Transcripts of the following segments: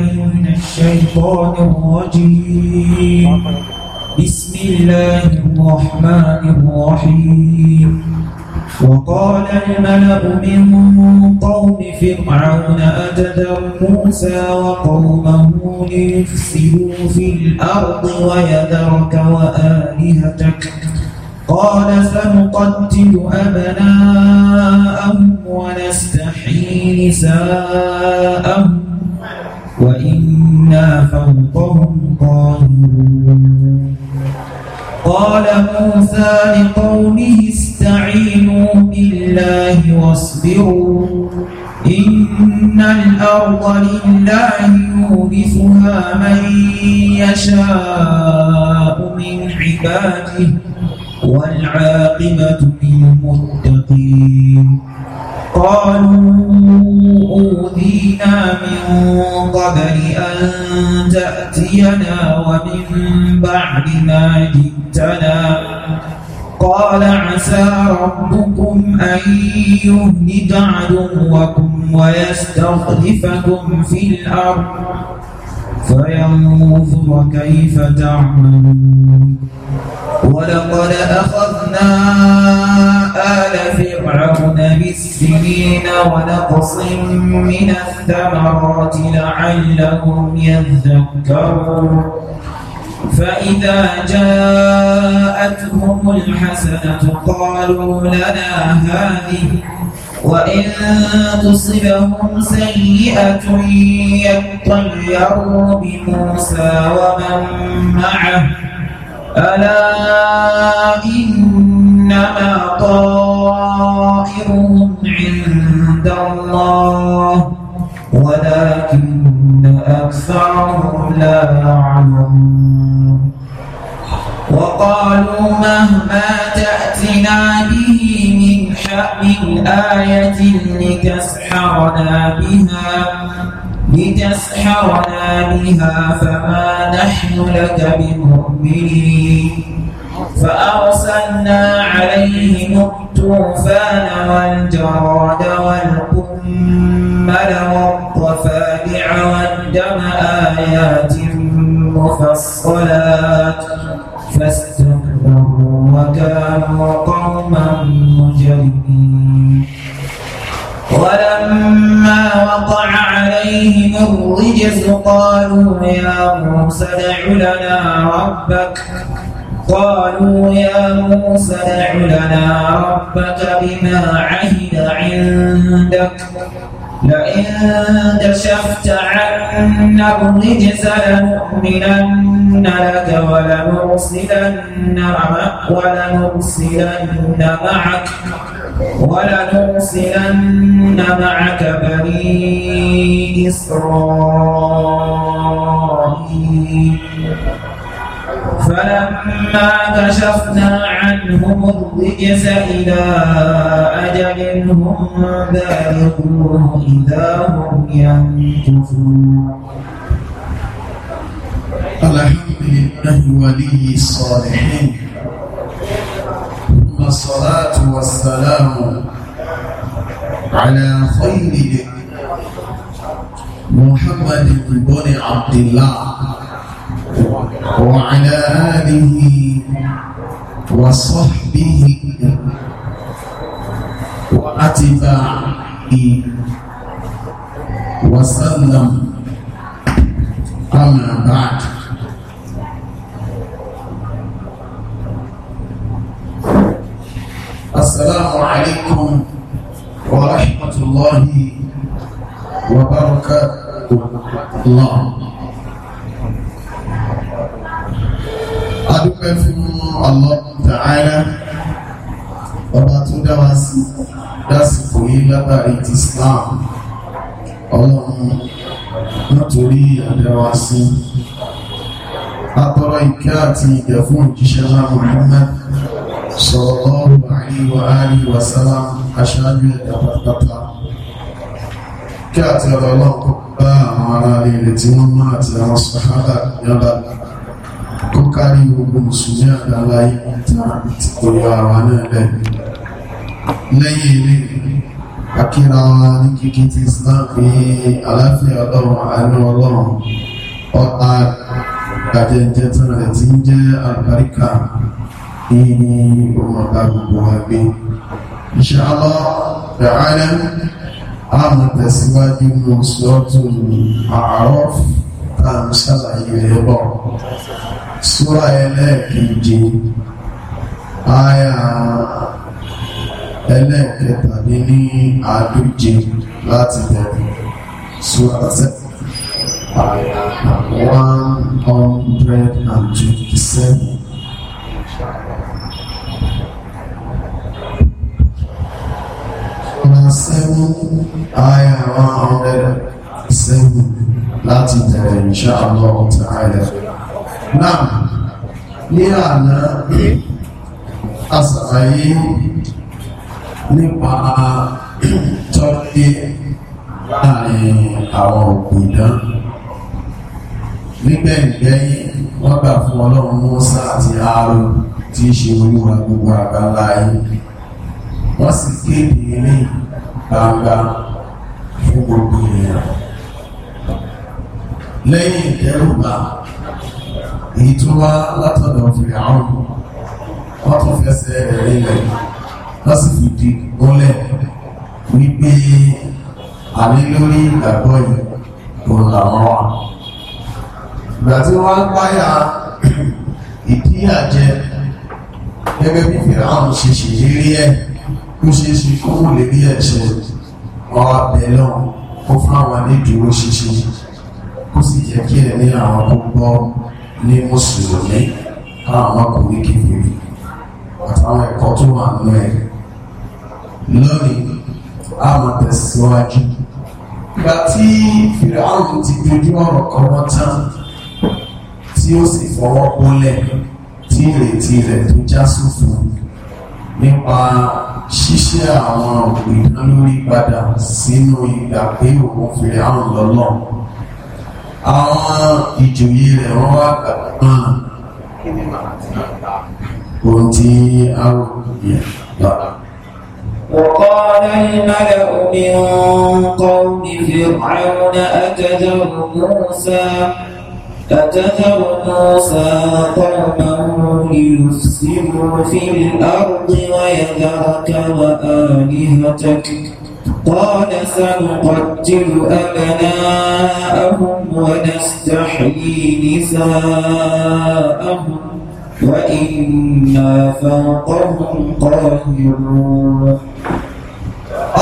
بالله من الشيطان الرجيم بسم الله الرحمن الرحيم وقال الملأ من قوم فرعون أتذر موسى وقومه ليفسدوا في الأرض ويذرك وآلهتك قال سنقتل أبناءهم ونستحيي نساءهم وإنا فوقهم قاهرون قال موسى لقومه استعينوا بالله واصبروا إن الأرض لله يورثها من يشاء من عباده والعاقبة للمتقين قالوا أوذينا من قبل أن تأتينا ومن بعد ما جئتنا قال عسى ربكم أن يهلك عدوكم ويستخلفكم في الأرض فينظر كيف تعملون ولقد أخذنا آل فرعون بالسنين ونقص من الثمرات لعلهم يذكرون فإذا جاءتهم الحسنة قالوا لنا هذه وإن تصبهم سيئة يطيروا بموسى ومن معه ألا إن إنما طائرهم عند الله ولكن أكثرهم لا يعلمون وقالوا مهما تأتنا به من حق آية لتسحرنا بها لتسحرنا بها فما نحن لك بمؤمنين فأرسلنا عليهم الطوفان والجراد والقمل والضفادع والدم آيات مفصلات فاستكبروا وكانوا قوما مجرمين ولما وقع عليهم الرجز قالوا يا موسى ادع لنا ربك قالوا يا موسى ادع لنا ربك بما عهد عندك لئن كشفت عنا الرجز لنؤمنن لك ولنرسلن معك ولنرسلن معك ولنرسلن معك بني إسرائيل فلما كشفنا عنهم الرجس إلى أجل هم بالغوه إذا هم ينكثون الحمد لله ولي الصالحين ثم الصلاة والسلام على خير محمد بن عبد الله وعلى آله وصحبه وأتباعه وسلم أما بعد السلام عليكم ورحمة الله وبركاته الله adúpẹ́ fún Allah Ta'ala ọba tó dá wa sí dásìkò yìí lábàrí ti Islam ọlọ́run nítorí àdáwà sí àtọrọ ìkẹ́ àti ìgẹ̀ fún òjíṣẹ́ láwọn Muhammad sallallahu alaihi wa alihi wa sallam aṣáájú ẹ̀dà kí àti ọ̀rọ̀ ọlọ́run àwọn ará ilẹ̀ tí wọ́n máa àti àwọn sàhábà yára tó kárí gbogbo mùsùlùmí àdáláyé kò yọ àwa náà lẹ́nu lẹ́yìn ilé akíra ní kíkí ti islam fi aláfíà ọlọ́run àánú ọlọ́run ọ̀tá àjẹjẹ tán rẹ̀ ti ń jẹ́ àbáríkà ní ọmọdá gbogbo wa gbé insha Allah ta'ala àmọ́ tẹ̀síwájú mú sọ́tún A'raf tàbí sàlàyé rẹ̀ bọ̀ súra ẹlẹ́ẹ̀keje àyà ẹlẹ́ẹ̀kẹtàdínní àádóje láti tẹ̀lé súra sẹ́kù àyà one hundred and twenty seven. seven ayah one hundred seven láti tẹ̀lé insha Allah ta'ala náà ní àná àṣàyé nípa tọ́kí láàrin eh, àwọn òpìdán nígbẹ̀ ìgbẹ̀yìn wọ́n gbà fún ọlọ́run mọ́sá àti ààrù tí í ṣe olúwa gbogbo àgbàlá yìí wọ́n sì kéde ilé gbangba fún gbogbo ènìyàn lẹ́yìn ìdẹ́rùbà èyí tó wá látọ̀dọ̀ fìrì àwọn wọ́n tó fẹsẹ̀ rẹ̀ ilẹ̀ lásìkò ìdí gúnlẹ̀ wípé àní lórí ìgbàgbọ́ yìí òun làwọn wà ìgbà tí wọ́n ń páyà ìdíyàjẹ gẹ́gẹ́ bí fìrì àwọn ṣe ṣèlérí ẹ̀ ó ṣe ṣe kó wù lérí ẹ̀ṣẹ̀ wọn wá bẹ̀ náà ó fún àwọn anídùúró ṣiṣẹ́ kó sì jẹ́ kí ẹ̀ ní àwọn tó gbọ́ ní mùsùlùmí káwọn ọmọkùnrin kékeré àtàwọn ẹ̀kọ́ tó wà nínú ẹ̀ lónìí a máa tẹ̀síwájú ìgbà tí fìràhùn ti dojú ọ̀rọ̀ kan wọ́n tán tí ó sì fọwọ́ kúnlẹ̀ tí ìrètí rẹ̀ tó já sófo nípa ṣíṣe àwọn òpin lórí padà sínú ìgbà pé òun fìràhùn lọ́lọ́run àwọn ìjòyè rẹ̀ wọ́n wá gbàgbà ohun tí a rò yẹn lára. وقال الملأ من قوم فرعون أتذر موسى أتذر موسى قومه ليفسدوا في الأرض ويذرك وآلهتك قال سنقتل أبناءهم ونستحيي نساءهم وإنا فوقهم قاهرون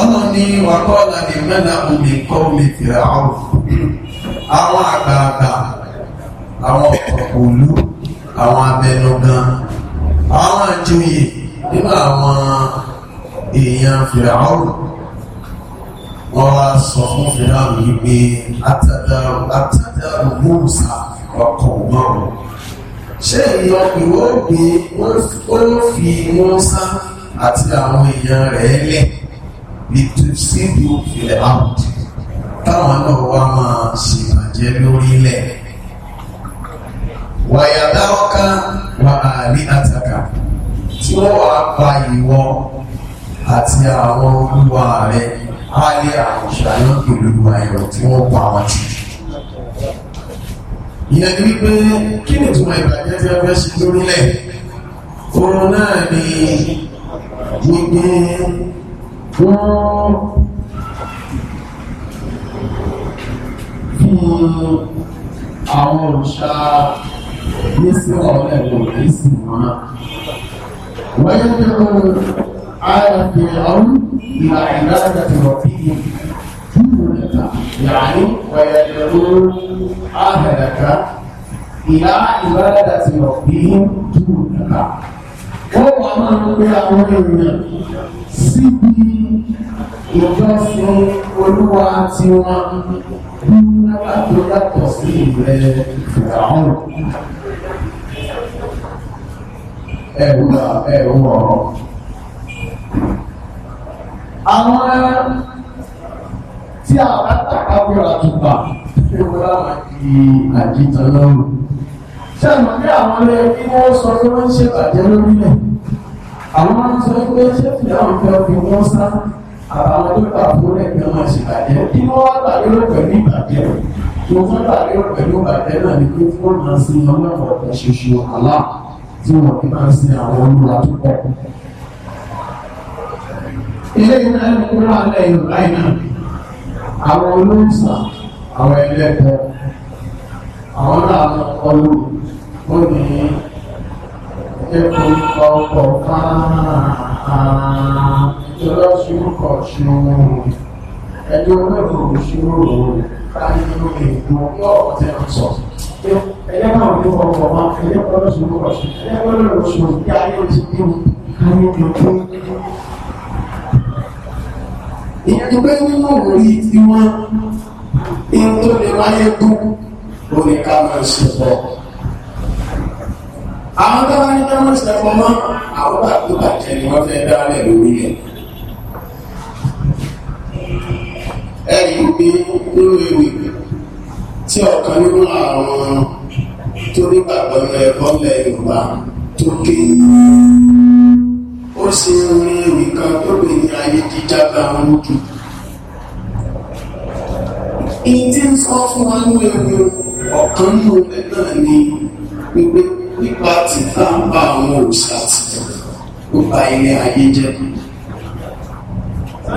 ọlọ́run ní wàkọ́ọ̀lá ní mẹ́ta omi kọ́ omi fìrà ọ̀rọ̀ àwọn àgbààgbà àwọn òlú àwọn abẹnugan àwọn àjòyè nínú àwọn èèyàn fìrà ọ̀rọ̀ wọ́n wá sọ fún fìdáwò yìí pé atádàrú atádàrú mùsà ọkọ̀ náà ṣé ìyọ ìwọ gbé ó fi mùsà àti àwọn èèyàn rẹ̀ lẹ̀ ètò síbi ìfilẹ̀ out táwọn náà wá máa ṣèbàjẹ́ lórílẹ̀ wàyàdá ọ̀ká wà àárí àtàkà tí wọ́n wàá pa ìwọ àti àwọn olúwa rẹ̀ wálé àkànṣà náà pẹ̀lú ayọ̀ tí wọ́n pa wọn ti. ìyẹn ni wípé kí ni ìtumọ̀ ìbàjẹ́ tí wọ́n fẹ́ ṣe lórílẹ̀ oorun náà ni wípé wọ́n fi àwọn òṣà ní sí ọ̀rẹ́ ìlú ìsìn wọn. wọ́n yẹ́ kí آل فرعون إلى عبادة ربهم جملة يعني ويدعون أهلك إلى عبادة ربهم جملة wọ́n wà máa ń gbé àwọn èèyàn síbi ìjọsìn olúwa tí wọ́n bí nígbà tó yàtọ̀ sí ilẹ̀ ìfìdáhùn ẹ̀rù ẹ̀rù ọ̀rọ̀ àwọn tí a bá tàkà wíra tùpà ṣé wọ́n láwọn di àjìtàn lọ́rùn ṣàmì bí àwọn ilé kí wọ́n sọ pé wọ́n ń ṣèbàjẹ́ lórílẹ̀ àwọn máa ń sọ pé ṣé fìdáhùn fẹ́ fi wọ́n sá àwọn tó bá fún ẹgbẹ́ wọn sì bàjẹ́ kí wọ́n wá gbàlérò pẹ̀lú ìbàjẹ́ mo fún gbàlérò pẹ̀lú ìbàjẹ́ náà ni pé wọ́n máa ń sin ṣoṣo àlá tí wọ́n fi máa ń sin àwọn olúwa tó pọ̀ ilé ìfẹ́ kúrò alẹ́ yorùbá iná àwọn olóòsà àwọn ẹlẹ́tọ̀ àwọn náà ọlù ó ní ẹkùn ọkọ̀ fáà ìjọlọ́sùnkọ̀ ṣùgbọ́n ẹjọ́ olóòrùn ṣùgbọ́n káyé lókè ìgbọ́n yóò tẹ́ ọ̀sọ̀ ẹ̀yẹ́ máa ń lọ́wọ́ ọkọ̀ máa ẹ̀yẹ́ ọlọ́sùnkọ̀ ṣùgbọ́n ẹ̀yẹ́ ọlọ́sùnkọ̀ ṣùgbọ́n kí ayé ti bí káyé lókè ìyẹn tó pé nínú orí tí wọ́n ń tó lè wáyé kú orí ká máa ṣe pọ̀. àwọn tó bá ní ká máa ṣe pọ̀ mọ́ àwọn bá tó bàjẹ́ ni wọ́n fẹ́ dálẹ̀ lórí rẹ̀. ẹ̀yìn pé nínú ewì tí ọ̀kan nínú àwọn tó nígbàgbọ́ ẹ̀kọ́ lẹ̀ Yorùbá tó kéwì ó ṣe orin ewì kan tó lè ní ayé jíjá bá wọn jù ìyí tí ń sọ fún wa ní ewu ọ̀kan ní ọ̀pẹ náà ni wípé nípa ti bá ń bá àwọn òòṣà ti ó ba ilé ayé jẹ́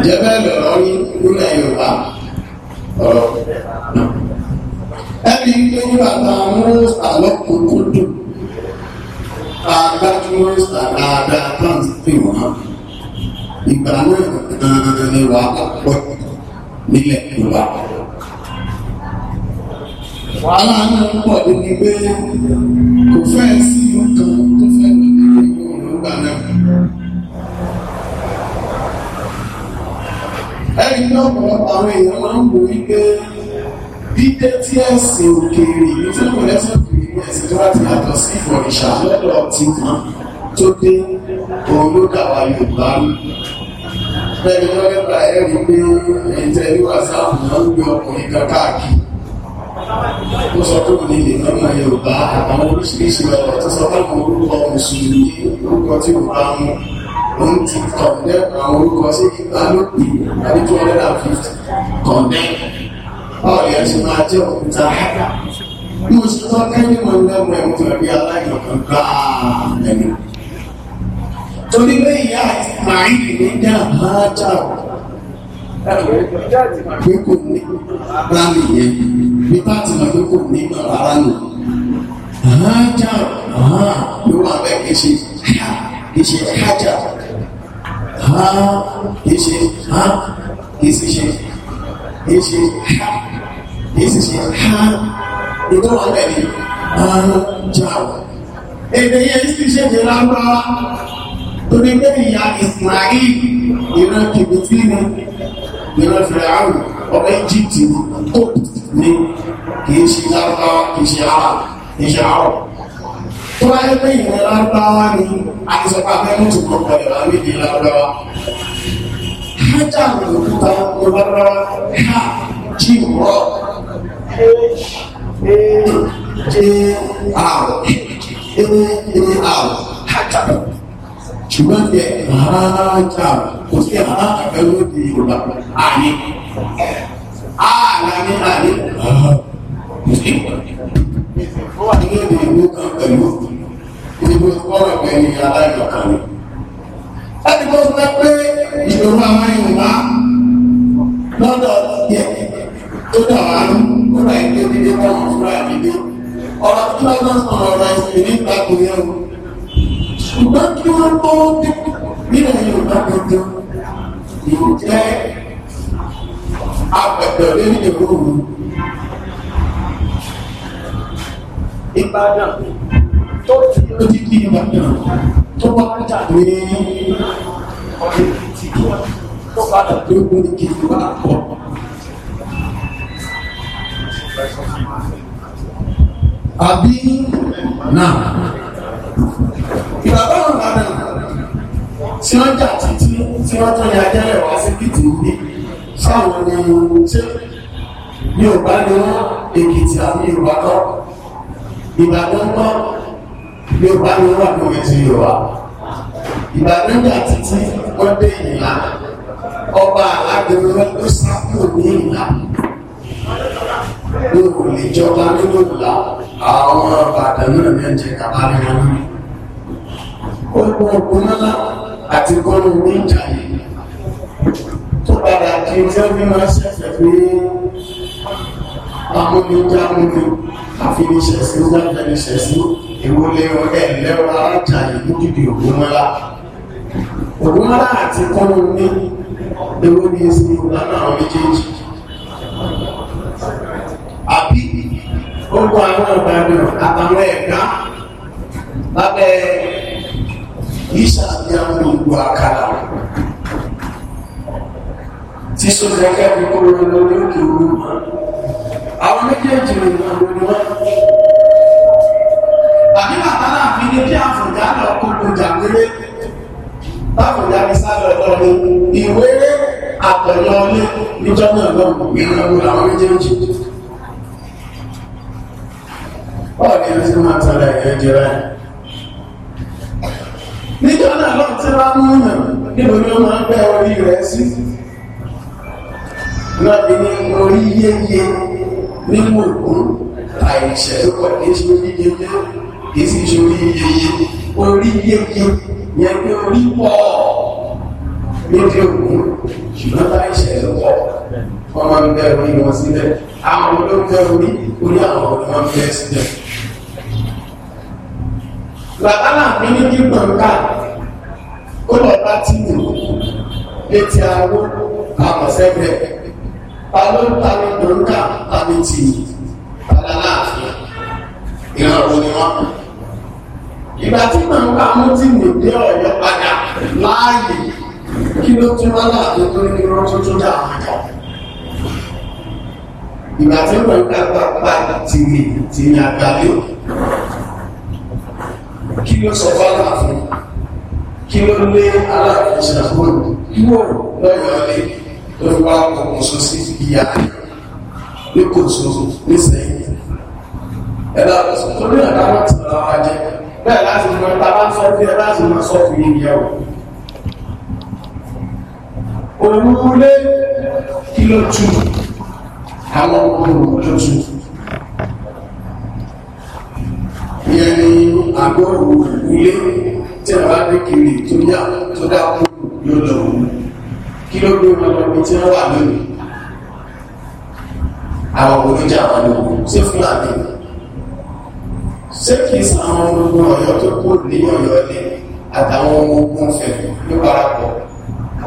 jẹ́ bẹ́ẹ̀ lọ́rọ́ ní nílẹ̀ Yorùbá ọ̀rọ̀ ẹni tó ń bàbá àwọn òòṣà lọ́kùnkúndùn bàbá tí wọ́n sà dáadáa plant pè wọ́n ìgbà náà gangan ni wà á pọ̀ nílẹ̀ ìwà. wàhálà náà pọ̀ débi pé kò fẹ́ sí ìlú kan tó fẹ́ lórí ìgbà náà. ẹ̀yìn àwọn èèyàn máa ń wò wípé dídé tí ẹ̀sìn òkèèrè ìlú tí wọ́n lẹ́sìn ẹ̀sìn tó bá ti yàtọ̀ sí ìfọ̀rìṣà lọ́dọ̀ ti kan tó dé òun ló dà wá Yorùbá rú bẹ́ẹ̀ni lọ́lẹ́gbà ẹ̀ rí pé ẹ̀jẹ̀ ní wàsáàpù náà ń gbé ọkùnrin kan káàkiri ó sọ pé òní lè lọ́nà Yorùbá àwọn oríṣiríṣi ọ̀rọ̀ tó sọ fáwọn orúkọ mùsùlùmí orúkọ tí kò bá mu òun ti kọ̀ǹdẹ́ àwọn orúkọ sí ìgbà lópin àbí two hundred and fifty kọ̀ǹdẹ́ báwo ni ẹ ti máa jẹ́ òkúta mo sì tọ́ kẹ́yìn mọ̀ lẹ́mọ̀ ẹ̀mọ́ ẹ̀rí aláìlọ́kàn gbáà lẹ́nu torí pé ìyá àti màáyì ní dàmà dàrú pé kò ní bá mi yẹn bí bá ètò wà bẹ́ẹ̀ ni jáwà èdè yẹn sì ṣèdè lágbára torí pé ìyá ìsìnláyé ìran kìbìtì ni ìran fìràwù ọmọ íjíbítì ni kóòtù ni kìí ṣe lágbára kìí ṣe ara kìí ṣe àrọ tó bá yẹ pé ìran lágbára ni àìsọpá mẹ́rin tó kọ́ pẹ̀lú àwọn méjì lágbára hájà lòkúta lọ́gbára ha jí rọ. AJR AAR hajar ṣùgbọ́n bí ẹ hajar kò sí hajar ló di yorùbá àní àlà ní àní ó wà nínú èdè ìlú kan lọ́dọ̀ tiẹ̀ tó dà wá fúnra ìdílé dídé táwọn fúnra ìdílé ọ̀rọ̀ tó bá gbọ́n sọ̀rọ̀ ọ̀rọ̀ ìsìn ní ìtàkùn yẹn o ṣùgbọ́n kí wọ́n tó dé nílẹ̀ Yorùbá gbogbo yóò jẹ́ apẹ̀tẹ̀ lórí ìlú Ìbàdàn tó ti ló ti di Ìbàdàn tó wá jáde ọdún tí tó padà tó gbóni kìí wá àkọ́kọ́ àbí náà ìgbàgbọ́ ọ̀nà náà tí wọ́n jà títí tí wọ́n tún ya jẹ́lẹ̀ wá sí kìtì ní sáwọn ni ṣé ní ọ̀bá ni wọ́n èkìtì àbí yorùbá kọ́ ìgbàgbọ́ kọ́ ní ọ̀bá ni wọ́n àbí òwe ti yorùbá ìgbàgbọ́ jà títí wọ́n dé ìlà ọba alágbèrè wọn ló sápò ní ìlà ní kò lè jọba nínú ìlà àwọn bàtà náà ní ẹ̀jẹ̀ kàbá ní wọn náà ó kún ọkùn náà àti kọ́nù ní ìjà yìí tó padà kí n fẹ́ bí máa ṣẹ̀fẹ̀ pé amúnidámúni àfiníṣẹ̀sí láfẹ̀níṣẹ̀sí ìwọlé ọ̀rẹ́ lẹ́wọ̀ arájà ìlú dìde ògúnmọ́lá ògúnmọ́lá àti kọ́nù ní ewé ní ìsinmi ìgbà náà méjèèjì ó ń kó àwọn ọ̀gbàgbọ̀n àtàwọn ẹ̀ka lábẹ́ ìṣà ní àwọn olùgbò àkàlà tí sọ́jà kẹ́kọ̀ọ́ kó lọ lórí òkè olúmọ àwọn méjèèjì rẹ̀ náà wọ́n ni wọ́n àbí bàbá náà fi ní kí àfọ̀já lọ kó gbọjà wéré táfọ̀já ní sáré ọ̀dọ́ ni ìwéré àtọ̀yọ́ ọlé níjọ́ náà lọ́wọ́ ìrìnàwó làwọn méjèèjì báwo ni ẹni tí máa tẹ̀lé ẹ̀yẹ jẹ rẹ̀ níjọ́ náà lọ́n tí wá mú yàn níbo ni ó máa ń bẹ orí rẹ̀ sí náà bí ní orí yéye nínú òkun àìṣẹ́ tó pọ̀ ní ṣe orí yéye kì í sì ṣe orí yéye orí yéye yẹn pé orí pọ̀ níbi òkun ṣùgbọ́n láìṣẹ́ tó pọ̀ wọ́n máa ń bẹ orí wọn síbẹ̀ àwọn olóńgbẹ orí orí àwọn ọmọ wọn làbálà mi ní gbígbọ̀n ká ó lọ bá tìlù létí awó àmọ̀sẹ́gbẹ́ ta ló ń ta ní gbòǹkà tàbí tì padà láàfin ìran òun ni wọ́n ìgbà tí gbòǹkà mú tìlù dé ọ̀yọ́ padà láàyè kí ló tún wá láàbí tó ní wọ́n tuntun dà àjọ. ìgbà tí gbòǹkà gbà pa tìlù tìlù àgbáyé kí ló sọ fún aláàfin kí ló lé aláàfin ṣe àbúrò ìwọ lọ́yọ̀ lé tó fi wá ọkọ̀ mọ̀ṣọ́ sí ìyá ní kò ṣoṣo ní sẹ́yìn ẹ̀dá ọ̀sán tó ní ọ̀dá wọn ti lọ́wọ́ ajẹ́ bẹ́ẹ̀ láti mọ bá sọ fún ẹ láti mọ sọ fún yín yẹ̀wò kí ló tu àwọn ọmọ òun ló tu ìyẹn ni àgọ́ òwò ìwúlé tí a bá dé kiri tó yá tó dá kú yóò lọ òun kí ló dé wọn lọ bí tí wọn wà lónìí àwọn olójà àwọn ológun ṣé fúlàní ṣé kì í sàwọn ológun ọ̀yọ́ tó kó ní ọ̀yọ́ ilé àtàwọn ọmọ ogun fẹ̀ ló parapọ̀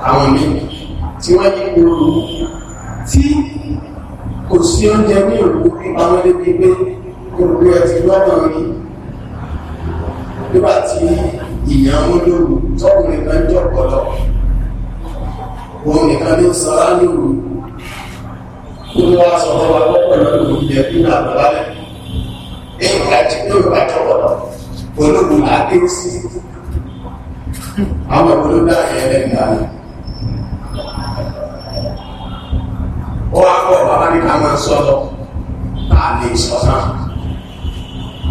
àwọn míì tí wọ́n yí gbòòrò tí kò sí oúnjẹ ní òkú pípa wọn débi pé gbogbo ẹ ti lọ́dọ̀ yìí nígbà tí ìyàn olóru tọ́rùn nìkan jọ pọ̀lọ́ òun nìkan ní sọ́lá lóru ó wá sọ fún wa pọ̀lọ́ lóru jẹ bí náà lọ́lẹ́ èyí ká jí lóru bá jọ pọ̀lọ́ olóru láti ń sí àwọn olódà yẹn lẹ́nu àná ó wá pọ̀ bàbá ní ká máa sọ lọ tá a lè sọ náà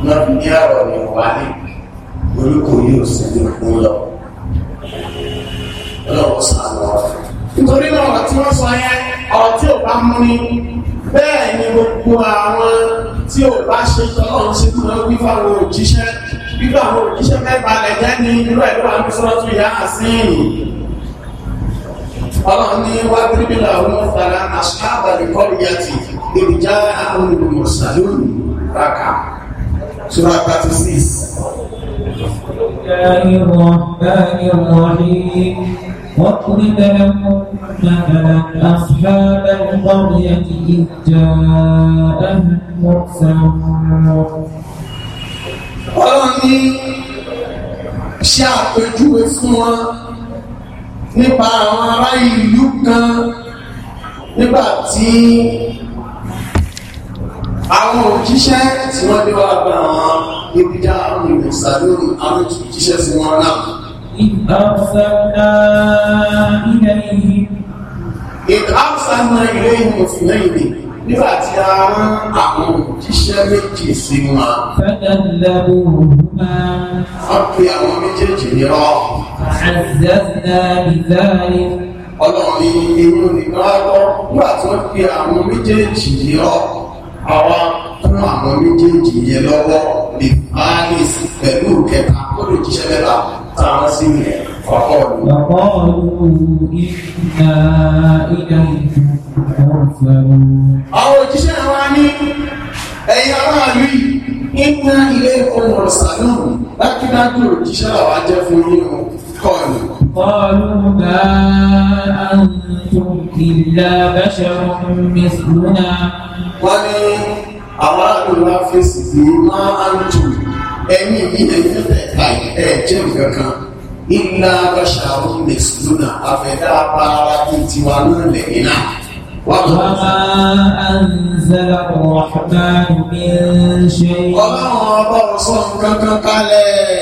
náà ní àrọ̀ ní wàá lè olùkọ́ yóò sẹ́ni fún lọ. ọlọ́wọ́ sàánú ọ̀fẹ́. nítorí náà ọ̀rọ̀ tí wọ́n sọ yẹn ọ̀rọ̀ tí ò bá mú ni bẹ́ẹ̀ ni gbogbo àwọn tí ò bá ṣe tọ́lọ́ ṣe tí wọ́n wí fáwọn òjíṣẹ́ gbígbà àwọn òjíṣẹ́ mẹ́ta lẹ̀ jẹ́ ní irú ẹ̀ ló wà ní sọ́ọ́tù ìyá àsìn. ọlọ́run ní wá bíríbílà ọ̀hún ọ̀tàrà àṣàbàlì kọ́ríyàtì olùjá àwọn olùmọ̀ṣàlónì rákà. Sura 36. بسم الله الرحمن الرحيم واضرب لهم مثلا أصحاب القرية إذ جاءهم مرسلون ọlọ́ni ṣe àpèjúwe fún wọn nípa àwọn ará ìlú kan nígbà tí àwọn òjíṣẹ́ tí wọ́n dé wá gba àwọn nígbà àwọn ìmọ̀sálórí àwọn ìjíṣẹ́ sí wọn náà. ìgbàsánà ilẹ̀ yìí. ìgbàsánà ilẹ̀ yìí mo fi náà ìdè nígbà tí a rán àwọn òjíṣẹ́ méjì sí wọn. fẹ́dẹ̀lẹ́bù rúmá. wọ́n pe àwọn àwọn méjèèjì ní rọ́ bifaris pẹ̀lú kẹta lórí jíṣẹ́ mẹ́ta táwọn sí ilẹ̀ ọkọọlù. ọkọọlù ìgbà ìdá ìfọwọ́fẹ́rù. àwọn òjíṣẹ́ wa ní ẹ̀yà aráàlú ìgbà ilé ọmọ sàánù dájúdájú òjíṣẹ́ làwọn jẹ́ fún yín o kọlù. قالوا ما أنتم إلا بشر مثلنا ومن àwọn aráàlú wa fèsì pé máa ń tù ẹni yìí ẹ̀yìn mẹ́tẹ̀ẹ̀ta ẹ̀jẹ̀ nǹkan kan ìlà abáṣà òun lè sùdúnà àfẹ́dá bára tó tiwa náà lẹ́yìn náà. وما أنزل الرحمن من شيء. Ọlọ́run ọba ọ̀sán kankan kalẹ̀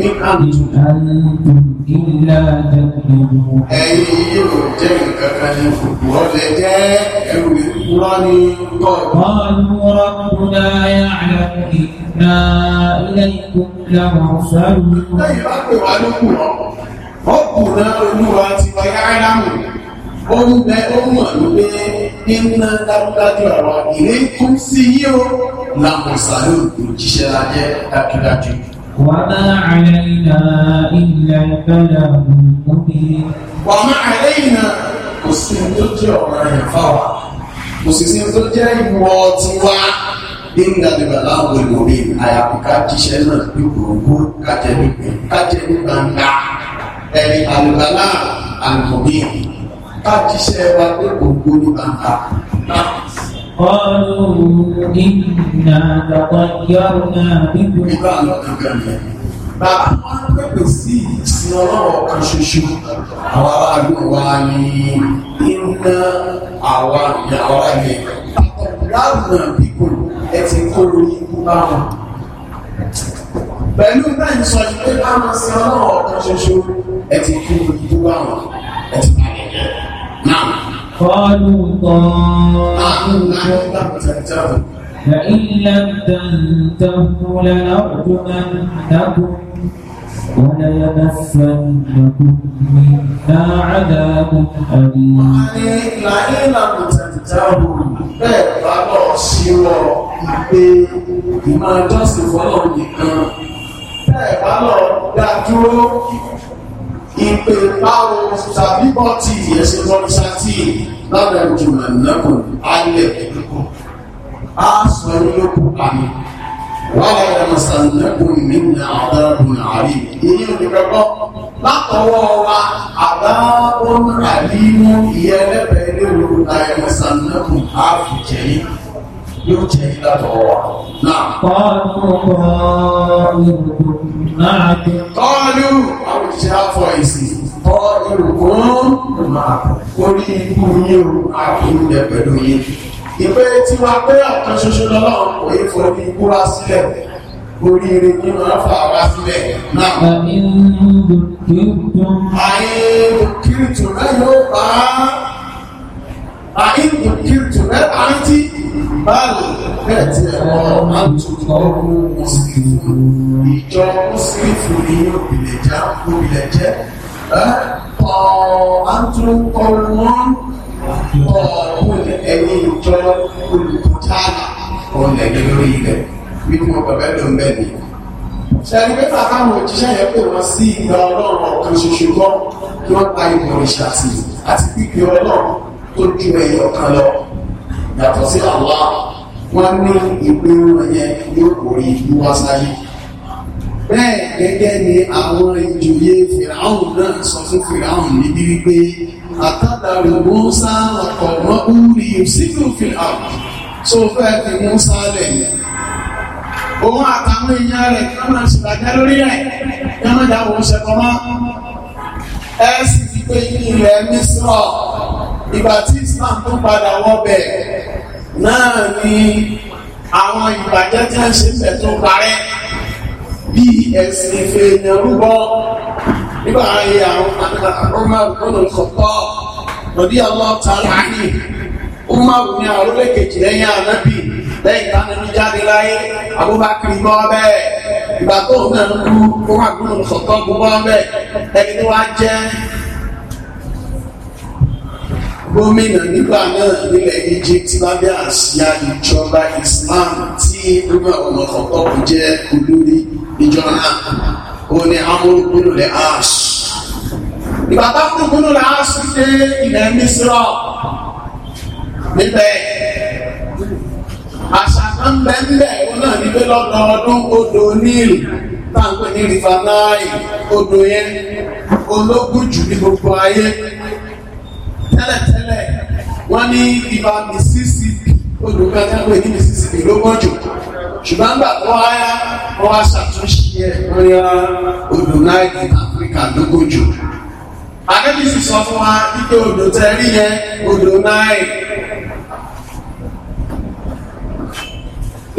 ní àǹtù. àǹtù ilá dẹ́kun. ẹ̀yin yóò jẹ́ nǹkan kan ní òkú ọ̀lẹ̀ jẹ́ ẹrù ìkúrọ́ ní tọ́jú. قالوا ربنا يعلم إنا إليكم لمرسلون. lẹ́yìn bá pè wá lókùn ọ́ ọkùnrin olúwa ti wá yára mú ó ń bẹ ó mọ̀ wípé iná dájúdájú ọ̀rọ̀ ìlékún sí yíò làmùsàlù òjíṣẹ́ ajẹ́ dájúdájú. وما علينا إلا البلاغ المبين وما علينا kò sí ní tó jẹ́ ọ̀ràn yẹn fáwa kò sì sí ní tó jẹ́ ìwọ tiwa nígbà nígbà láwọn ìwòrí jíṣẹ́ náà ní gbogbo kájẹ nígbà kájẹ ẹni àlùbálà àlùmọ̀bí ká jíṣẹ́ wa ní gbogbo ní gbangba قالوا إنا تطيرنا بكم bàbá wọn pèpè sí ìsìn ọlọ́wọ́ kan ṣoṣo àwọn aráàlú wa ní iná àwa ní àwọn àgbẹ̀ láàrúnà bíkò ẹ ti kó lórí ikú bá wọn. sí ọlọ́wọ́ kan ṣoṣo ẹ ti kó lórí ikú wọn ẹ ti bá wọn náà. قالوا طائركم فإن لم تنتهوا لنرجمنكم وليمسنكم منا عذاب أليم لئن لم تنتهوا bẹ́ẹ̀ bá lọ ṣíwọ́ pé ìmọ̀ ẹjọ́ sì fọ́lọ́ nìkan bẹ́ẹ̀ bá lọ dá dúró ìpè báwo tàbí bọ́tì ẹ̀sìn mọ́lùsátì lábẹ́ ìjùmọ̀ ìnáwó alẹ́ ẹ̀dùkọ̀ á sọ ẹni lókù àmì wọ́n yẹ mọ̀sánlẹ́kùn mi ní àdáàbùn àrí ìyí òdìkẹ́kọ́ látọwọ́ wa àdáàbùn àrí mú ìyẹn lẹ́bẹ̀ẹ́ lérò láyé mọ̀sánlẹ́kùn á fi jẹ́yìn yóò jẹ yín látọwọ́ wa. Kọ́ọ̀lù àwọn ìṣe afọ èsì kọ́ọ̀lù kún orí ikú yín o àkúrú rẹ̀ pẹ̀lú yín. Ìpè tí wàá pé ọ̀kan ṣoṣo lọ́lọ́run kò yé fún orí ikú wá sílẹ̀ oríire ní wọn fà wá sílẹ̀ náà. àyè kìrìtù náà yóò bá àyè kìrìtù náà àyè tí báyìí bẹ́ẹ̀ tí ẹ̀rọ àtúntò mùsùlùmí ìjọ mùsùlùmí ní òbílẹ̀ já òbílẹ̀ jẹ́ ọ̀ àtúntò wọn ọ̀ọ́bùn ẹ̀yìn ìjọ olùkọ́tà ọ̀lẹ̀ lórí ilẹ̀ bí mo bàbá ló ń bẹ̀ ni. ṣẹ́ni pé káwọn òjíṣẹ́ yẹn pè wọ́n sí ìgbà ọlọ́run ọ̀kan ṣoṣo gbọ́ kí wọ́n pa ìmọ̀ ìṣàtì àti pípẹ́ ọlọ́run tó ju ẹyọ kan lọ yàtọ̀ sí Allah wọ́n ní ìpé wọn yẹn yóò kò rí ìlú wá sáyé bẹ́ẹ̀ gẹ́gẹ́ ni àwọn ìjòyè fìràhùn náà sọ fún fìràhùn níbi wípé àtàdàrù mọ́sá ọkọ̀ mọ́kúrì sínú fìràhùn tó fẹ́ fi mọ́sá lẹ̀ òun àtàwọn èèyàn rẹ̀ kí wọ́n máa ṣèdájá lórí rẹ̀ kí wọ́n dá òun ṣẹkọ mọ́ ẹ sì ti pé ilẹ̀ mísírọ̀ ìgbà tí Islam tó padà wọ́bẹ̀ náà ni àwọn ìbàjẹ́ tí wọ́n ṣe fẹ́ tó parẹ́ bí ẹ̀sìn ìfẹ́ èèyàn rúbọ nígbà ayé àwọn Umar ibn al-Khattab radiyallahu ta'ala anhu Umar ní àwọn olókèjì lẹ́yìn ànábì lẹ́yìn tánàbí jáde láyé Abubakar bọ́ bẹ́ẹ̀ ìgbà tó ń bẹ̀rù kú Umar ibn al-Khattab bọ́ bẹ́ẹ̀ ẹni tó wá jẹ́ gómìnà nígbà náà nílẹ̀ Egypt lábẹ́ àsíá ìjọba Islam tí rúbà ọmọ ọ̀tọ̀ kò jẹ́ olórí ìjọba náà ó ní amúrúgbónulẹ̀ ash ìgbà táwọn ash dé ilẹ̀ Misra níbẹ̀ àṣà kan bẹ́ẹ̀ òun náà ní pé lọ́dọọdún odò Nil táwọn pè ní river Nile odò yẹn ológun jù ní gbogbo ayé tẹ́lẹ̀tẹ́lẹ̀ wọ́n ní ibà Mississippi olùkọ́ tẹ́lẹ̀ ní Mississippi ló pọ̀ jù ṣùgbọ́n gbà tó wáyá wọ́n wá ṣàtúnṣe ẹ̀ wọ́n ní odò náírà Áfíríkà ló pọ̀ jù. Akẹ́bí sì sọ fún wa wípé odò tẹ rí yẹn odò náírà.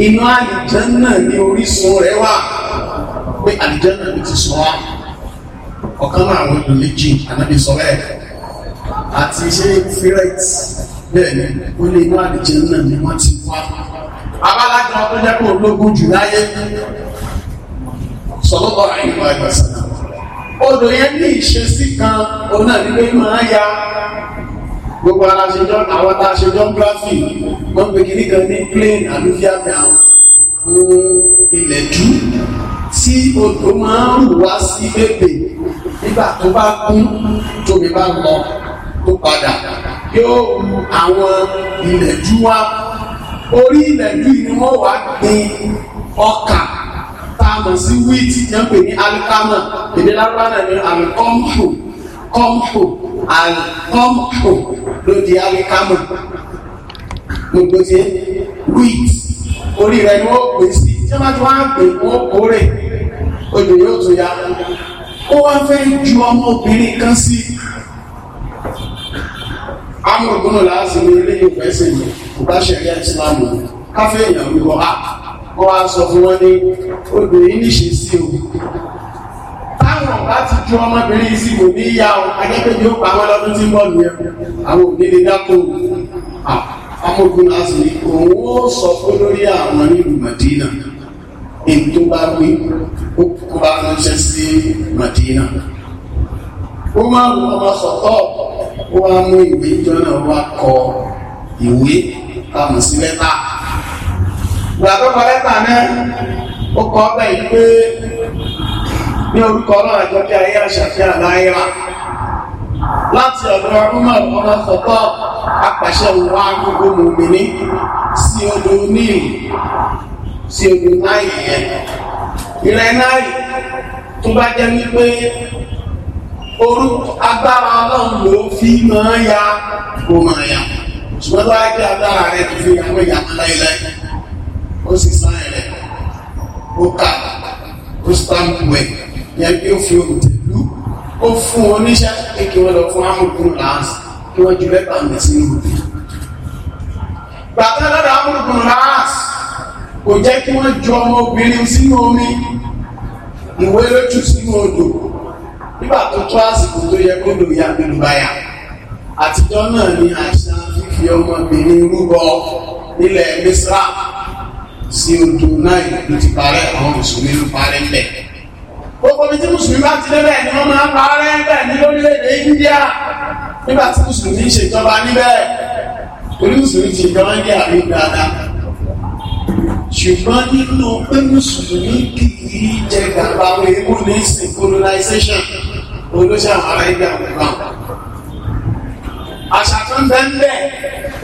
Inú àlìjánná ni orísun rẹ̀ wà pé àlìjánná ló ti sọ wá ọ̀kan náà àwọn odò méjì ànábì sọ àti ṣe fírẹ́t bẹ́ẹ̀ ni ó lè wá àdìjẹ náà ni wọ́n ti wá. abálágbá tó jẹ́ kó lógún jù láyé sọlọ́bọ̀ àyíká ìgbàsánà. odò yẹn ní ìṣesí kan òun náà nílé máa ya gbogbo ara ṣe jọ àwọn tá a ṣe jọ ń gíráfì wọ́n ń pè kí nìkan ní plane àbí fíàfíà ilẹ̀ dú tí odò máa ń wá sí bèbè nígbà tó bá kún tómi bá lọ kó padà yóò wu àwọn ìlẹ̀jú wá orí ìlẹ̀jú yìí wọ́n wá gbin ọkà táàmù sí wíìtì jẹ́ pé ní alikama èdè lágbára ní alikọ́mpù kọ́mpù alikọ́mpù ló di alikama gbogbo ti wheat orí rẹ ni wọ́n pè sí tí wọ́n ti wá pè wọ́n kórè odò yóò tó ya ó wá fẹ́ ju ọmọbìnrin kan sí amúrúgbónú láàásì ní ilé o fẹ́ sèyí kò bá ṣẹ̀rí ìsìlámù káfẹ́ èèyàn wíwọ́ ah! á wọ́n á sọ fún wọn ní obìnrin níṣe sí o táwọn bá ti ju ọmọbìnrin sí kò ní yá o akẹ́kọ̀ọ́ yóò pa wọn lọ́dún tí ń bọ̀ nìyẹn àwọn òbí ni dákò ah! amúrúgbónú láàásì ní òun ó sọ fún lórí àwọn nílùú Madina èyí tó bá gbé ó kó bá ránṣẹ́ sí Madina ó máa ń wọ́n sọ̀tọ̀ ó wá mú ìwé ìjọ náà wá kọ ìwé pamọ́ sí lẹ́tà ìgbà tó kọ lẹ́tà náà ó kọ ọ́ bẹ́ẹ̀ pé ní orúkọ ọlọ́run àjọ bí ayé àṣàfihàn láyéra láti ọ̀dọ̀ ọmọ ọmọ sọ̀tọ̀ apàṣẹ wa gbogbo mòmìnì sí odò níì sí odò náà yẹn ìrẹ́ náà tó bá jẹ́ wípé orúkọ agbára ọlọ́run ló fi máa ya kó máa ya ṣùgbọ́n tó wáyé pé agbára rẹ̀ kò fi àwọn ìyá máa láyé láyé ó sì sán ẹ̀rẹ̀ ó kà ó stamp wẹ̀ yẹn bí ó fi òǹtẹ̀lú ó fún oníṣẹ́ pé kí wọ́n lọ fún amúlùkún láàásì kí wọ́n ju lẹ́tà mẹ́ sí ìròbí. bàtà lọ́dọ̀ amúlùkún láàásì kò jẹ́ kí wọ́n ju ọmọbìnrin sínú omi ìwé lójú sínú odò nígbà tó tó àsìkò tó yẹ kó lòyà mẹ́nubáyà àtijọ́ náà ni àṣà fífi ọmọbìnrin rúbọ nílẹ̀ Misra sí odò náà ló ti parẹ́ àwọn mùsùlùmí ló parẹ́ ńlẹ̀ gbogbo ibi tí mùsùlùmí bá ti débẹ̀ ni wọ́n máa parẹ́ bẹ́ẹ̀ ní lórílẹ̀-èdè India nígbà tí mùsùlùmí ń ṣèjọba níbẹ̀ torí mùsùlùmí ti jọ ń yẹ àrí dáadáa ṣùgbọ́n nínú pé mùsùlùmí kì í jẹ gàba ewu ní sin olóṣà ara ibi àwọn ìbá. àṣà tó ń bẹ ń bẹ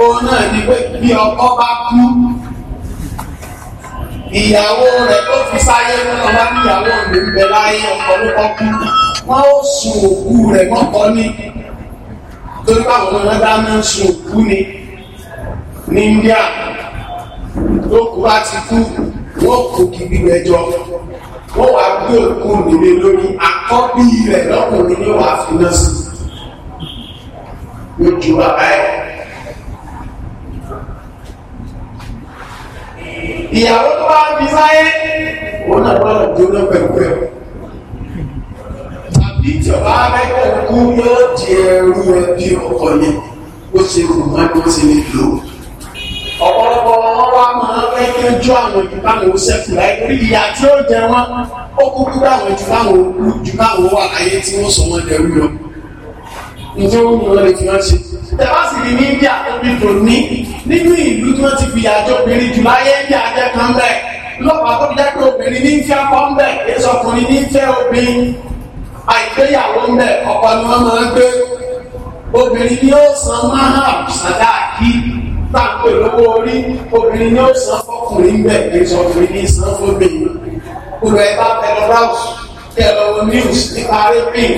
òun náà ni pé bí ọkọ bá kú ìyàwó rẹ̀ tó fi sáyé lọ́nà bá ní ìyàwó mi ń bẹ láyé ọkọ kú wọ́n ó sun òkú rẹ̀ mọ́kọ́ ní torí báwọn ọmọ ẹgbẹ́ dáná sun òkú ni ní India tó kú bá ti kú wọ́n kò kí gbígbẹ́jọ́ wọ́n wá gbé òkú nílé lórí àkọ́bí rẹ̀ lọ́kùnrin ní wàá fi náà sí lójú bàbá ẹ̀. ìyàwó tó bá bí sáyé òun náà gbọ́dọ̀ jóná pẹ̀lú ẹ̀ tàbí tí ọba abẹ́kọ̀ọ́ kú yóò di ẹrú ẹbí ọkọ yẹn ó ṣe rò wọ́n bí ṣe lè lò ó ọ̀pọ̀lọpọ̀ wọn wá máa ń fẹ́ kánjú àwọn ju báwọn ó ṣẹ́kù láì lórí ìyá tí ó jẹ wọn ó kúkú báwọn ju báwọn kú ju báwọn wà láyé tí wọ́n sọ wọn dẹrú lọ ǹjẹ́ ó mú wọn lè fi wọn ṣe. tẹ̀wá sì ni ní bí àtọ́bí tò ní nínú ìlú tí wọ́n ti fi àjọ obìnrin jù láyé bí ajẹ́ kan bẹ́ẹ̀ lọ́pàá tó jẹ́ obìnrin ní fẹ́ ọkọ bẹ̀ èso ní fẹ́ obìnrin àìgbéyàwó ń bẹ̀ ọ̀pọ̀ ni wọ́n máa ń gbé obìnrin ni ó san mahab sadaki tá a pè lówó orí obìnrin ni ó san fọkùnrin bẹ́ẹ̀ kí sọ fún ní san fóbìnrin kúrò ẹ bá tẹlọ ráùsù tẹlọ news nípa raping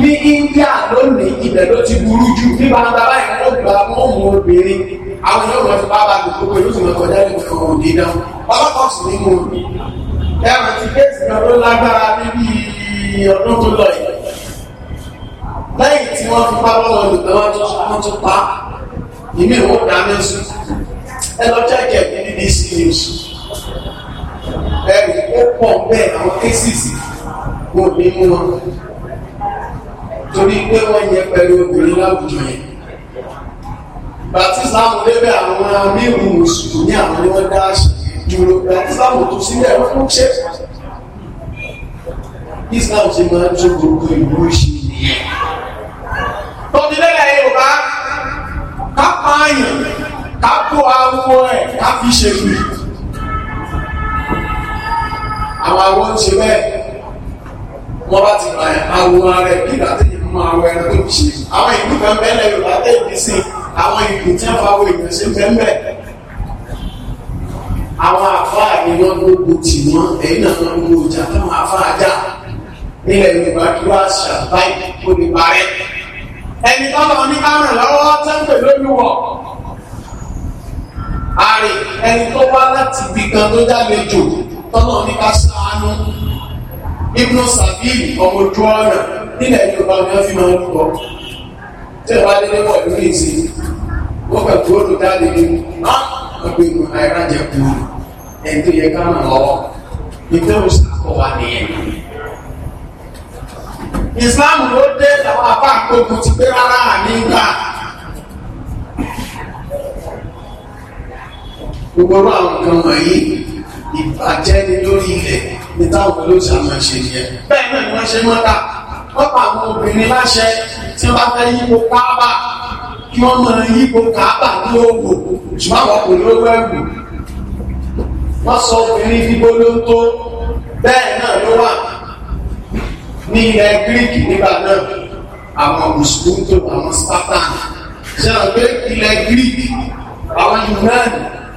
ní India lónìí ibẹ̀ ló ti burú jù ní bàbá báyìí ló gba mọ́ọ̀mù obìnrin àwọn yóò mọ̀ fún bàbá àgbègbè pẹ̀lú ìmọ̀ kọjá ní ìfọ̀ òde náà bàbá kan sì nínú omi ẹ̀rọ ti kéèsì kan ló lágbára níbi ọdún tó lọ yìí lẹ́yìn tí wọ́n fi pápá wọn lò wọ́n tún pa ìmí ìwọ dáná sùn ẹ lọ jẹ́jẹ́ ẹ̀kẹ́ ní dc news ẹ̀rù ó pọ̀ bẹ́ẹ̀ àwọn kéṣìṣì kò ní mú wọn torí pé wọ́n yẹ pẹ̀lú obìnrin láwùjọ yẹn bàtísàmù débẹ̀ àwọn amíhù mùsùlùmí àwọn ni wọ́n dá dúró bàtísàmù tó sílẹ̀ wọ́n tó ṣe Islam ti máa ń tún gbogbo ìlú ìṣe nìyẹn tọ́jú lẹ́yìn Yorùbá ká pààyàn ká kó awọ ẹ̀ ká fi ṣe fi àwọn awọ ń ṣe bẹ́ẹ̀ wọ́n bá ti pààyàn awọ rẹ̀ bí ìdátẹ́yìn mú awọ ẹ̀rọ tó fi ṣe àwọn ìlú kan bẹ́lẹ̀ Yorùbá tẹ̀yìn sí àwọn ìlú tí wọ́n fa awọ èèyàn ṣe bẹ́ẹ̀ àwọn àfáà ni wọ́n gbogbo tì wọ́n ẹ̀yìn náà wọ́n gbogbo ìjà táwọn àfáà jà nílẹ̀ Yorùbá kí wọ́n àṣà kó lè parẹ́ ẹni tọ́lọ̀ ní kárùn lọ́wọ́ tẹ́ǹpẹ̀ lójúwọ̀ àrè ẹni tó wá láti ibì kan tó jáde jò tọ́lọ̀ ní ká sáánú ibùdó sàbíì ọmọ ojú ọ̀nà nílẹ̀ Yorùbá ni wọ́n fi máa ń lọ tí ìwà délé wọ̀ ní ìsìn wọ́n kà tó lò jáde ní ọgbẹ́ ìlú àìrájẹ kúrò ẹni tó yẹ ká ràn lọ́wọ́ ìtẹ́wọ̀n sàkọ̀ wà nìyẹn islam ló dé àwọn apá àkókò ti pé rárá nígbà gbogbo àwọn nǹkan wọ̀nyí ìbàjẹ́ ni lórí ilẹ̀ ní táwọn olóòṣà máa ṣe yẹ bẹ́ẹ̀ náà ni wọ́n ṣe mọ́ ta wọ́n pa àwọn obìnrin láṣẹ tí wọ́n bá fẹ́ yípo káábà kí wọ́n máa yípo káábà ní òwò ṣùgbọ́n àwọn kò lówó ẹ̀wù wọ́n sọ obìnrin bíbó ló ń tó bẹ́ẹ̀ náà ló wà ní ilẹ̀ Greek nígbà náà àwọn mùsùlùmí tó àwọn spartan ṣe hàn pé ilẹ̀ gíríkì àwọn yunan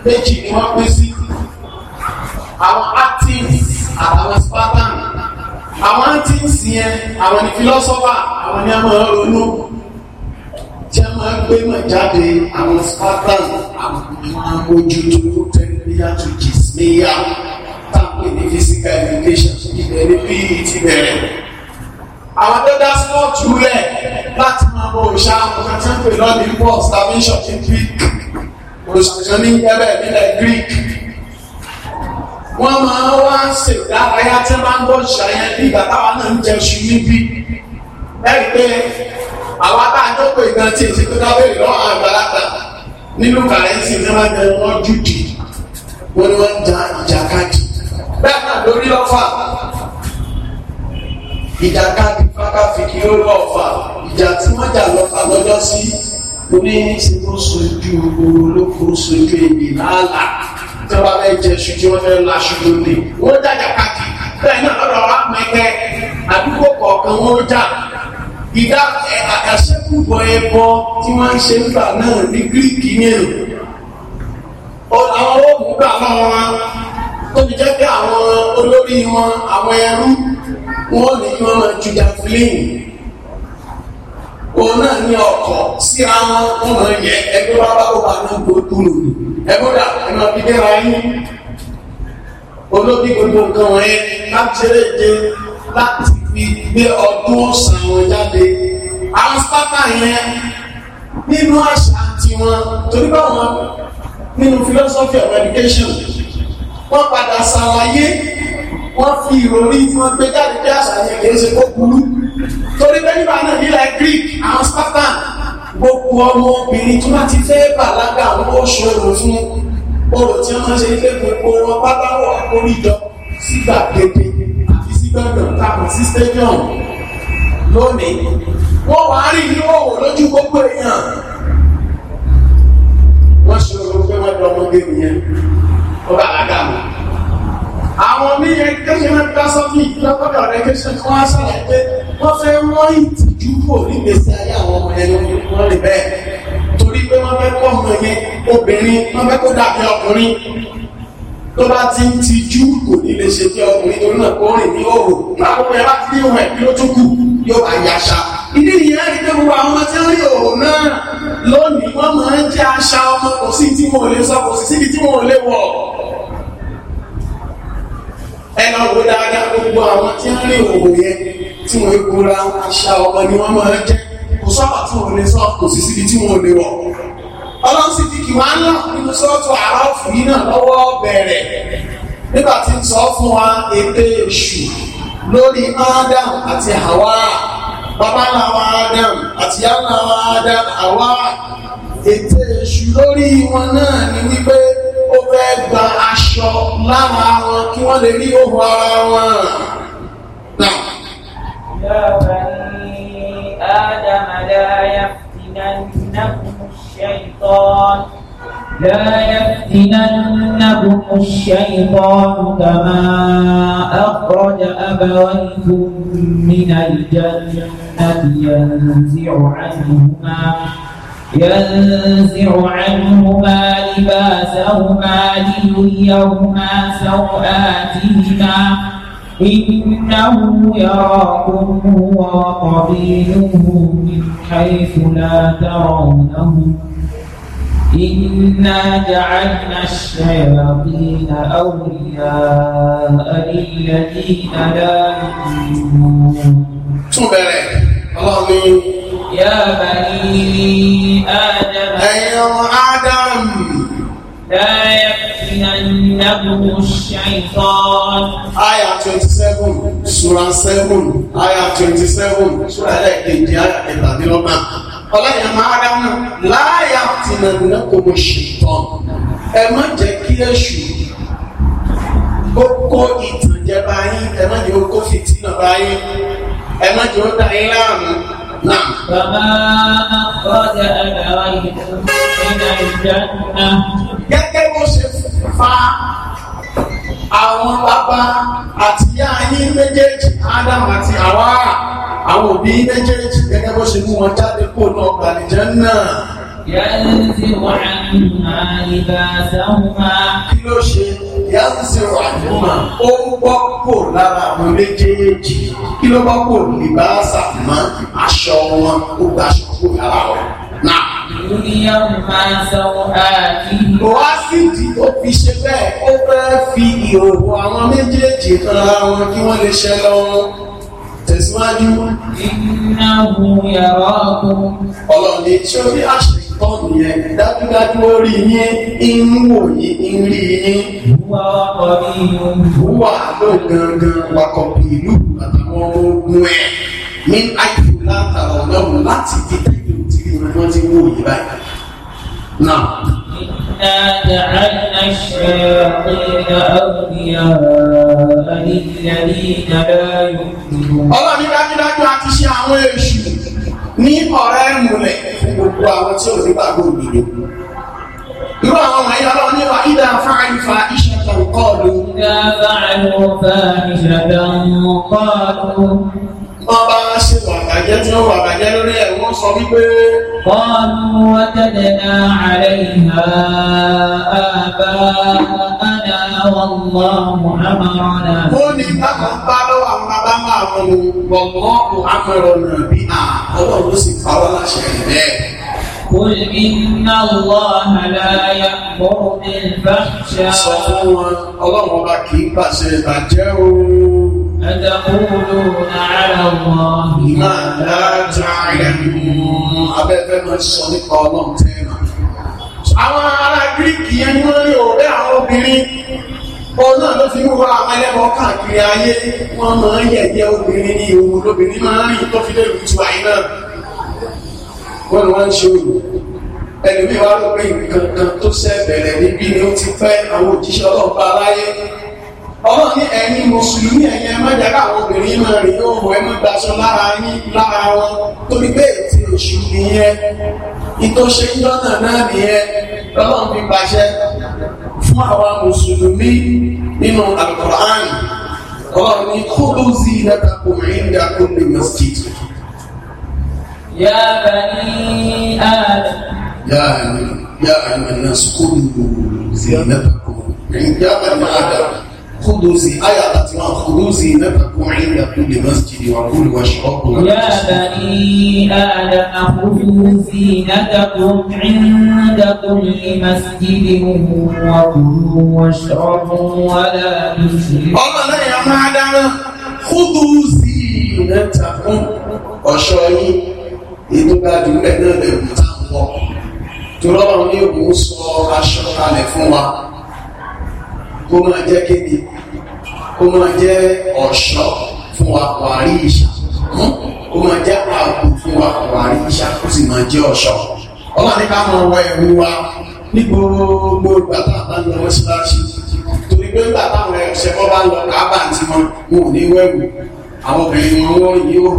méjì ni wọ́n pín sí àwọn actins àtàwọn spartan àwọn actins yẹn àwọn ni philosopher àwọn ni a máa ronú tí a máa gbé mọ̀ jáde àwọn spartan àwọn ni wọ́n mójú tó tẹ́lifíyà tó jì sí níyà táwọn ní physical education ìbẹ̀rẹ̀ bí e ti bẹ̀rẹ̀ àwọn tó dá slọ́ọ̀tù lẹ̀ láti máa bọ òrìṣà ọ̀kan tí ń pè lọ́ọ̀dì ń bọ̀ starvation ti greek òrìṣà kan ní ẹbẹ̀ ìbílẹ̀ greek wọ́n máa ń wá ṣèdárayá tí wọ́n máa ń bọ̀ òrìṣà yẹn ní ìgbà táwọn náà ń jẹ oṣù níbí lẹ́yìn pé àwọn adájọ́ pé ìgbà tí èsì tó dábẹ́rẹ́ lọ́wọ́ àgbàlagbà nínú kàrẹ́ǹsì ní wọ́n jẹ wọ́n jùdì wọ́n ni wọ́n ń ja ìjàkadì bẹ́ẹ̀ náà lórí lọ́fà ìjà káàkiri fákàfìkì ó lọ fà ìjà tí wọ́n jà lọ fà lọ́jọ́ sí oní ti tó sojú olóko sojú èdè lálà tí wọ́n bá fẹ́ jẹ ṣu tí wọ́n fẹ́ la ṣu lóde wọ́n jàjà káàkiri bẹ́ẹ̀ náà lọ́dọ̀ wa mẹ́kẹ́ àdúgbò kọ̀ọ̀kan wọ́n jà ìdá àṣẹ́kùbọ̀ ẹbọ tí wọ́n ń ṣe ń gbà náà ní gíríkì yẹn àwọn òògùn gbà lọ́wọ́ wọn tó ti jẹ́ pé àwọn olórí wọn àwọn ẹrú wọ́n ní kí wọ́n máa ju javelin òun náà ní ọkọ̀ síra wọn wọ́n máa yẹ ẹgbẹ́ wa bá wà náà gbódú lòdì ẹgbẹ́dà ẹ máa fi dẹ́ra yín olóbi gbogbo nǹkan wọ̀nyẹn lábẹ́rẹ́ dé láti fi gbé ọdún ọ̀sán wọn jáde àwọn sábà yẹn nínú àṣà tiwọn torí báwọn nínú philosophy of education wọ́n padà ṣàlàyé wọ́n fi ìròrí tí wọ́n gbé jáde bí àṣàyàn kìí ṣe kó burú torí bẹ́ẹ̀nìbà náà nílẹ̀ Greek àwọn Spartan gbogbo ọmọ obìnrin tí wọ́n ti fẹ́ bàlágà àwọn oṣù ọ̀rọ̀ fún orò tí wọ́n ṣe ilé gbogbo wọn pátáwọ̀ àkóríjọ sígbà gbèdé àti sígbàgbọ̀n táwọn sí stadium lónìí wọ́n wàá rí ní òwò lójú gbogbo èèyàn wọ́n ṣe orò pé wọ́n dọ́mọdé nìyẹn ó bàlágà wọn àwọn míyẹ kéyìn náà dásọ́ bí ìdílọ́gbọ́dọ̀ rẹ kí ṣe wọ́n á ṣàlàyé pé wọ́n fẹ́ wọ́n ìtìjú kò rí gbèsè ayé àwọn ọmọ ẹni wọ́n lè bẹ́ẹ̀ torí pé wọ́n fẹ́ kọ́ ọmọ yẹn obìnrin wọ́n fẹ́ kó dàbí ọkùnrin tó bá ti ń tijú kò ní lè ṣe jẹ́ ọkùnrin torí náà kó rìn ní òòrùn náà kó yẹ bá ti ní ìwọ̀n ẹ̀ bí ó tún kù yóò bá yàṣà ìdí ìyẹn rí pé gbogbo àwọn ọmọ tí wọ́n rí òòrùn náà lónìí wọ́n máa ń jẹ́ àṣà ọmọ kò sí tí wọn ò lè sọ kò sí síbi tí wọn ò lè wọ̀ ẹ máa wo dáadáa gbogbo àwọn tí ń rí òwò yẹn tí wọ́n gbóra àṣà ọkọ ni wọ́n máa jẹ́ kò sọ́wọ́ tí wọ́n lè sọ kò sí síbi tí wọ́n lè wọ̀ ọlọ́run sì ti kì wá ńlá nínú sọ́ọ̀tù àráàfù yìí náà lọ́wọ́ bẹ̀rẹ̀ nígbà tí ń sọ fún wa ète èṣù lórí Adam àti Hawa bàbá ńlá wa Adam àti yàrá wa Adam Hawa ète èṣù lórí wọn náà ni wípé ó fẹ́ gba aṣọ lára wọn kí wọ́n lè rí òhò ara wọn. آدم لا يفتننكم الشيطان لا يفتننكم الشيطان كما أخرج أبويكم من الجنة ينزع عنهما ينزع عنهما لباسهما ليريهما سوآتهما إنه يراكم هو وقبيله من حيث لا ترونه إنا جعلنا الشياطين أولياء للذين لا يؤمنون. يا بني آدم أيها آدم لا يفتننكم الشيطان آية 27 سورة 7 آية 27 سورة 11 آية 13 ọlọ́yìn máa rẹ̀ mú láàyà tí na nínú kò mọ̀ ṣètọ́ ẹ má jẹ́ kí èṣù ó kó ìtànjẹ báyìí ẹ má jẹ́ ó kó fìtínà báyìí ẹ má jẹ́ ó dá yín láàmú. نعم فما أخرج أبويكم من الجنة gẹ́gẹ́ bó ṣe fa àwọn bàbá àti ìyá yín méjèèjì Ádámù àti Háwà àwọn òbí méjèèjì gẹ́gẹ́ bó ṣe mú wọn jáde kó náà gbàlejò náà. yẹ́n ti wà ní àyíká sáwọn kí ló ṣe yàtúnṣe àdúmà ó bọ́ kò lára àwọn méjèèjì kí ló bọ́ kò lè bá sàmọ́ aṣọ wọn ó gba aṣọ kò lára wọn náà. Ìdúnyàwó máa sanwó ààkì. Oásìdì ó fi ṣe bẹ́ẹ̀ ó fẹ́ fi ìhòòhò àwọn méjèèjì kan ara kí wọ́n lè ṣẹ́ lọ́wọ́ tẹ̀síwájú. Ìnáwó yàrá ọkùnrin. Ọlọ́ọ̀ni tí ó fi àṣẹ tọ́ọ̀nù yẹn dájúdájú ó rí yín ń wò ń rí yín. wúwà ọkọ ní gangan wakọ̀ bí ìlú àtàwọn ọmọ ogun ẹ̀ ní àìfò látara ọlọ́run láti di tẹ́lẹ̀ òtí wọ́n ti wò yín báyìí. ọlọ́run dájúdájú àti ṣe àwọn èṣù ní ọ̀rẹ́ múlẹ̀ fún gbogbo àwọn tí ò ní gbàgbọ́ òdodo irú àwọn ọmọ yẹn lọ ní wa ìdá fáàlì iṣẹ́ tó ń kọ́ ọdún. ìdá fáàlì fa iṣẹ́ tó wọ́n bá ṣe wàbàjẹ́ tí wọ́n wàbàjẹ́ lórí ẹ̀ wọ́n sọ wípé. Qalu wajadna 'alayha aba'ana wallahu amarana. Ó ní bàbá ń bá lọ́wọ́ àwọn bàbá máa mú gbọ̀ngàn àmọ̀ràn nàbí àwọn ló sì pa wọ́n láṣẹ bẹ́ẹ̀. قل إن الله لا يأمر بالفحشاء. Sọ fún wọn, ọlọ́run أتقولون على الله ما لا تعلمون abẹ́fẹ́ máa sọ nípa ọlọ́run tẹ́ ma. àwọn ará gíríkì yẹn ni wọ́n rí ọ̀rẹ́ àwọn obìnrin òun náà ló fi ń wá àwọn ẹlẹ́wọ̀n káàkiri ayé wọ́n máa ń yẹ̀yẹ́ obìnrin ní ohun lóbìnrin máa ń rìn tó fi lè rìn àyè náà wọ́n ni wọ́n ń ṣe òòlù ẹlòmíì wá ló pé nǹkan kan tó ṣẹ́ bẹ̀rẹ̀ níbí ni ó ti fẹ́ àwọn òjíṣẹ́ ọlọ́pàá aláyé ọlọ́run ní ẹ̀yin mùsùlùmí ẹ̀yin ẹ má jẹ́ káwọn obìnrin máa rìn yóò mọ̀ ẹ má gbaṣọ lára yín lára wọn torí pé ètí òṣù nìyẹn ìtòṣe ńlọ́nà náà nìyẹn ọlọ́run fi pàṣẹ fún àwa mùsùlùmí nínú alukur'an ọlọ́run ní kúlù sí ìlẹ́tàkùn ìdá kúlù masjid. yá bani adam. yá ayé yá ayé náà sukúlù sí ìlẹ́tàkùn ìdá kúlù masjid. خذوزي آية الاتمام خذوزي نبكم عند كل مسجد وكل واشربوا يا بني آدم خذوا زينتكم عند كل مسجد وكلوا واشربوا ولا تشركوا الله يا معدم خذوا زينتكم ọ̀ṣọ́ yín ètò gbàdúrà náà lẹ́wọ̀n táwọn tó lọ́wọ́ ní òun sọ kó máa jẹ́ ọ̀ṣọ́ fún wa wàrí ìṣà kó máa jẹ́ ààbò fún wa wàrí ìṣà kó sì máa jẹ́ ọ̀ṣọ́ ọlọ́run ní ká máa wọ ẹ̀wù wa ní gbogbo ìgbà tá a bá ń lọ mọ́ṣáláṣí torí pé nígbà táwọn ẹ̀ṣẹ̀ kọ́ bá ń lọ káàbà àti wọn wọn ò ní wẹ̀wù àwọn obìnrin wọn wọ́n yìí ó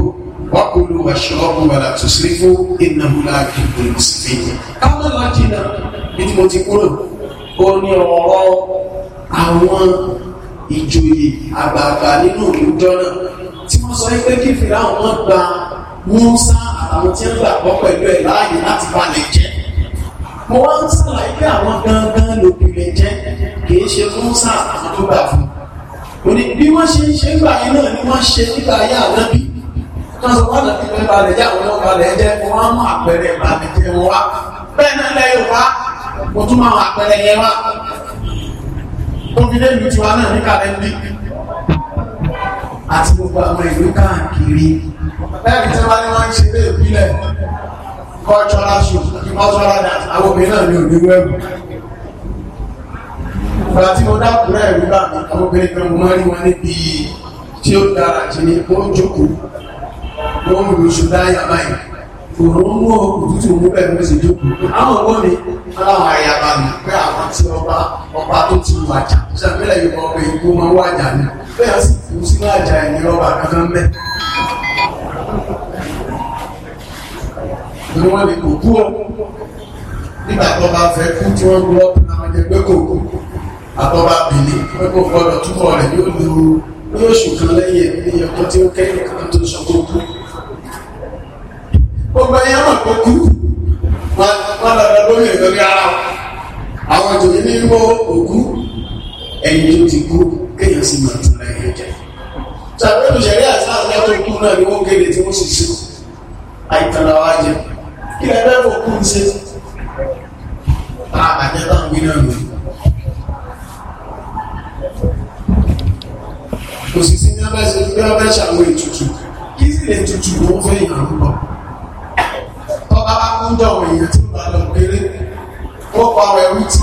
wákòló aṣọ́ọ̀bù wàlà tó sí fún ìnáwó àgbègbè ìsìnkú. káwọn ìjòyè àgbààgbà nínú ìlú jọ́nà tí wọ́n sọ pé kí fìlàwọn wọn gba Mùsá àtàwọn tí ń gbàgbọ́ pẹ̀lú ẹ̀ láàyè láti balẹ̀ jẹ́ mo wá ń sàlàyé pé àwọn gangan lòbìnrin jẹ́ kìí ṣe Mùsá àtàwọn tó gbà fún un òní bí wọ́n ṣe ń ṣe ń gbà yín náà ni wọ́n ṣe nígbà ayé ànábì wọ́n sọ wọ́n lọ́ọ́ fi balẹ̀ jẹ́ àwọn ọmọ balẹ̀ jẹ́ wọ́n á mú àpẹẹrẹ balẹ̀ jẹ́ wọn wá bẹ́ẹ̀ náà lẹ́yìn wá mo tún máa àpẹẹrẹ yẹn wá ó fi délùú tiwa náà ní kàlẹ́ndì àti gbogbo àwọn ìlú káàkiri lẹ́yìn tí wọ́n ní wọ́n ń ṣe lé ìbílẹ̀ cultural show cultural dance àwọn obìnrin náà ní òní wẹ́ẹ̀bù ìgbà tí mo dákúrẹ́ ìlú bá mi àwọn obìnrin kan mo máa ń rí wọn níbi tí ó dára jì ní ó jókòó ló ń lu ṣùgbọ́n àyàmáyà òòrùn mú ọkùn tútù mú bẹ́ẹ̀ mú sí jókòó àwọn ọgbọ́n ni aláwọ̀ ayaba mi pé àwọn tí ọba ọba tó ti wà jà ṣàpẹ́lẹ̀ yóò ọba ìgbó máa wà jà ní bẹ́ẹ̀ sì kú sínú àjà ẹ̀mí ọba kankan mẹ́. ni wọ́n lè kò kú ọ nígbà tó bá fẹ́ kú tí wọ́n gbọ́ àwọn ẹgbẹ́ kò kú àtọ́ba bìíní pé kò gbọ́dọ̀ túbọ̀ rẹ̀ yóò lu yóò ṣùkan lẹ́yìn ẹ̀mí ẹ̀kọ́ tí ó kẹ́yìn kan tó sọ kó kú gbogbo ẹ̀yà mà kó kú wọn dàda lórí ẹ̀dọ́ ní ara àwọn ìjòyè ní ìwọ òkú ẹni tó ti kú kéèyàn sì máa tún láyé jẹ tàbí olùsẹ̀rí àṣà àṣà tó kú ni wọ́n kéde tí wọ́n sì sí àìtàlà wa jẹ kí sí ní abẹ́sẹ̀ ní abẹ́sẹ̀ àwọn ètùtù kí sì lè tutù wọ́n fẹ́ yàn án ọba bá kún jọ èèyàn tí mo bá lọ péré ó pa ọ̀rọ̀ ẹrú tì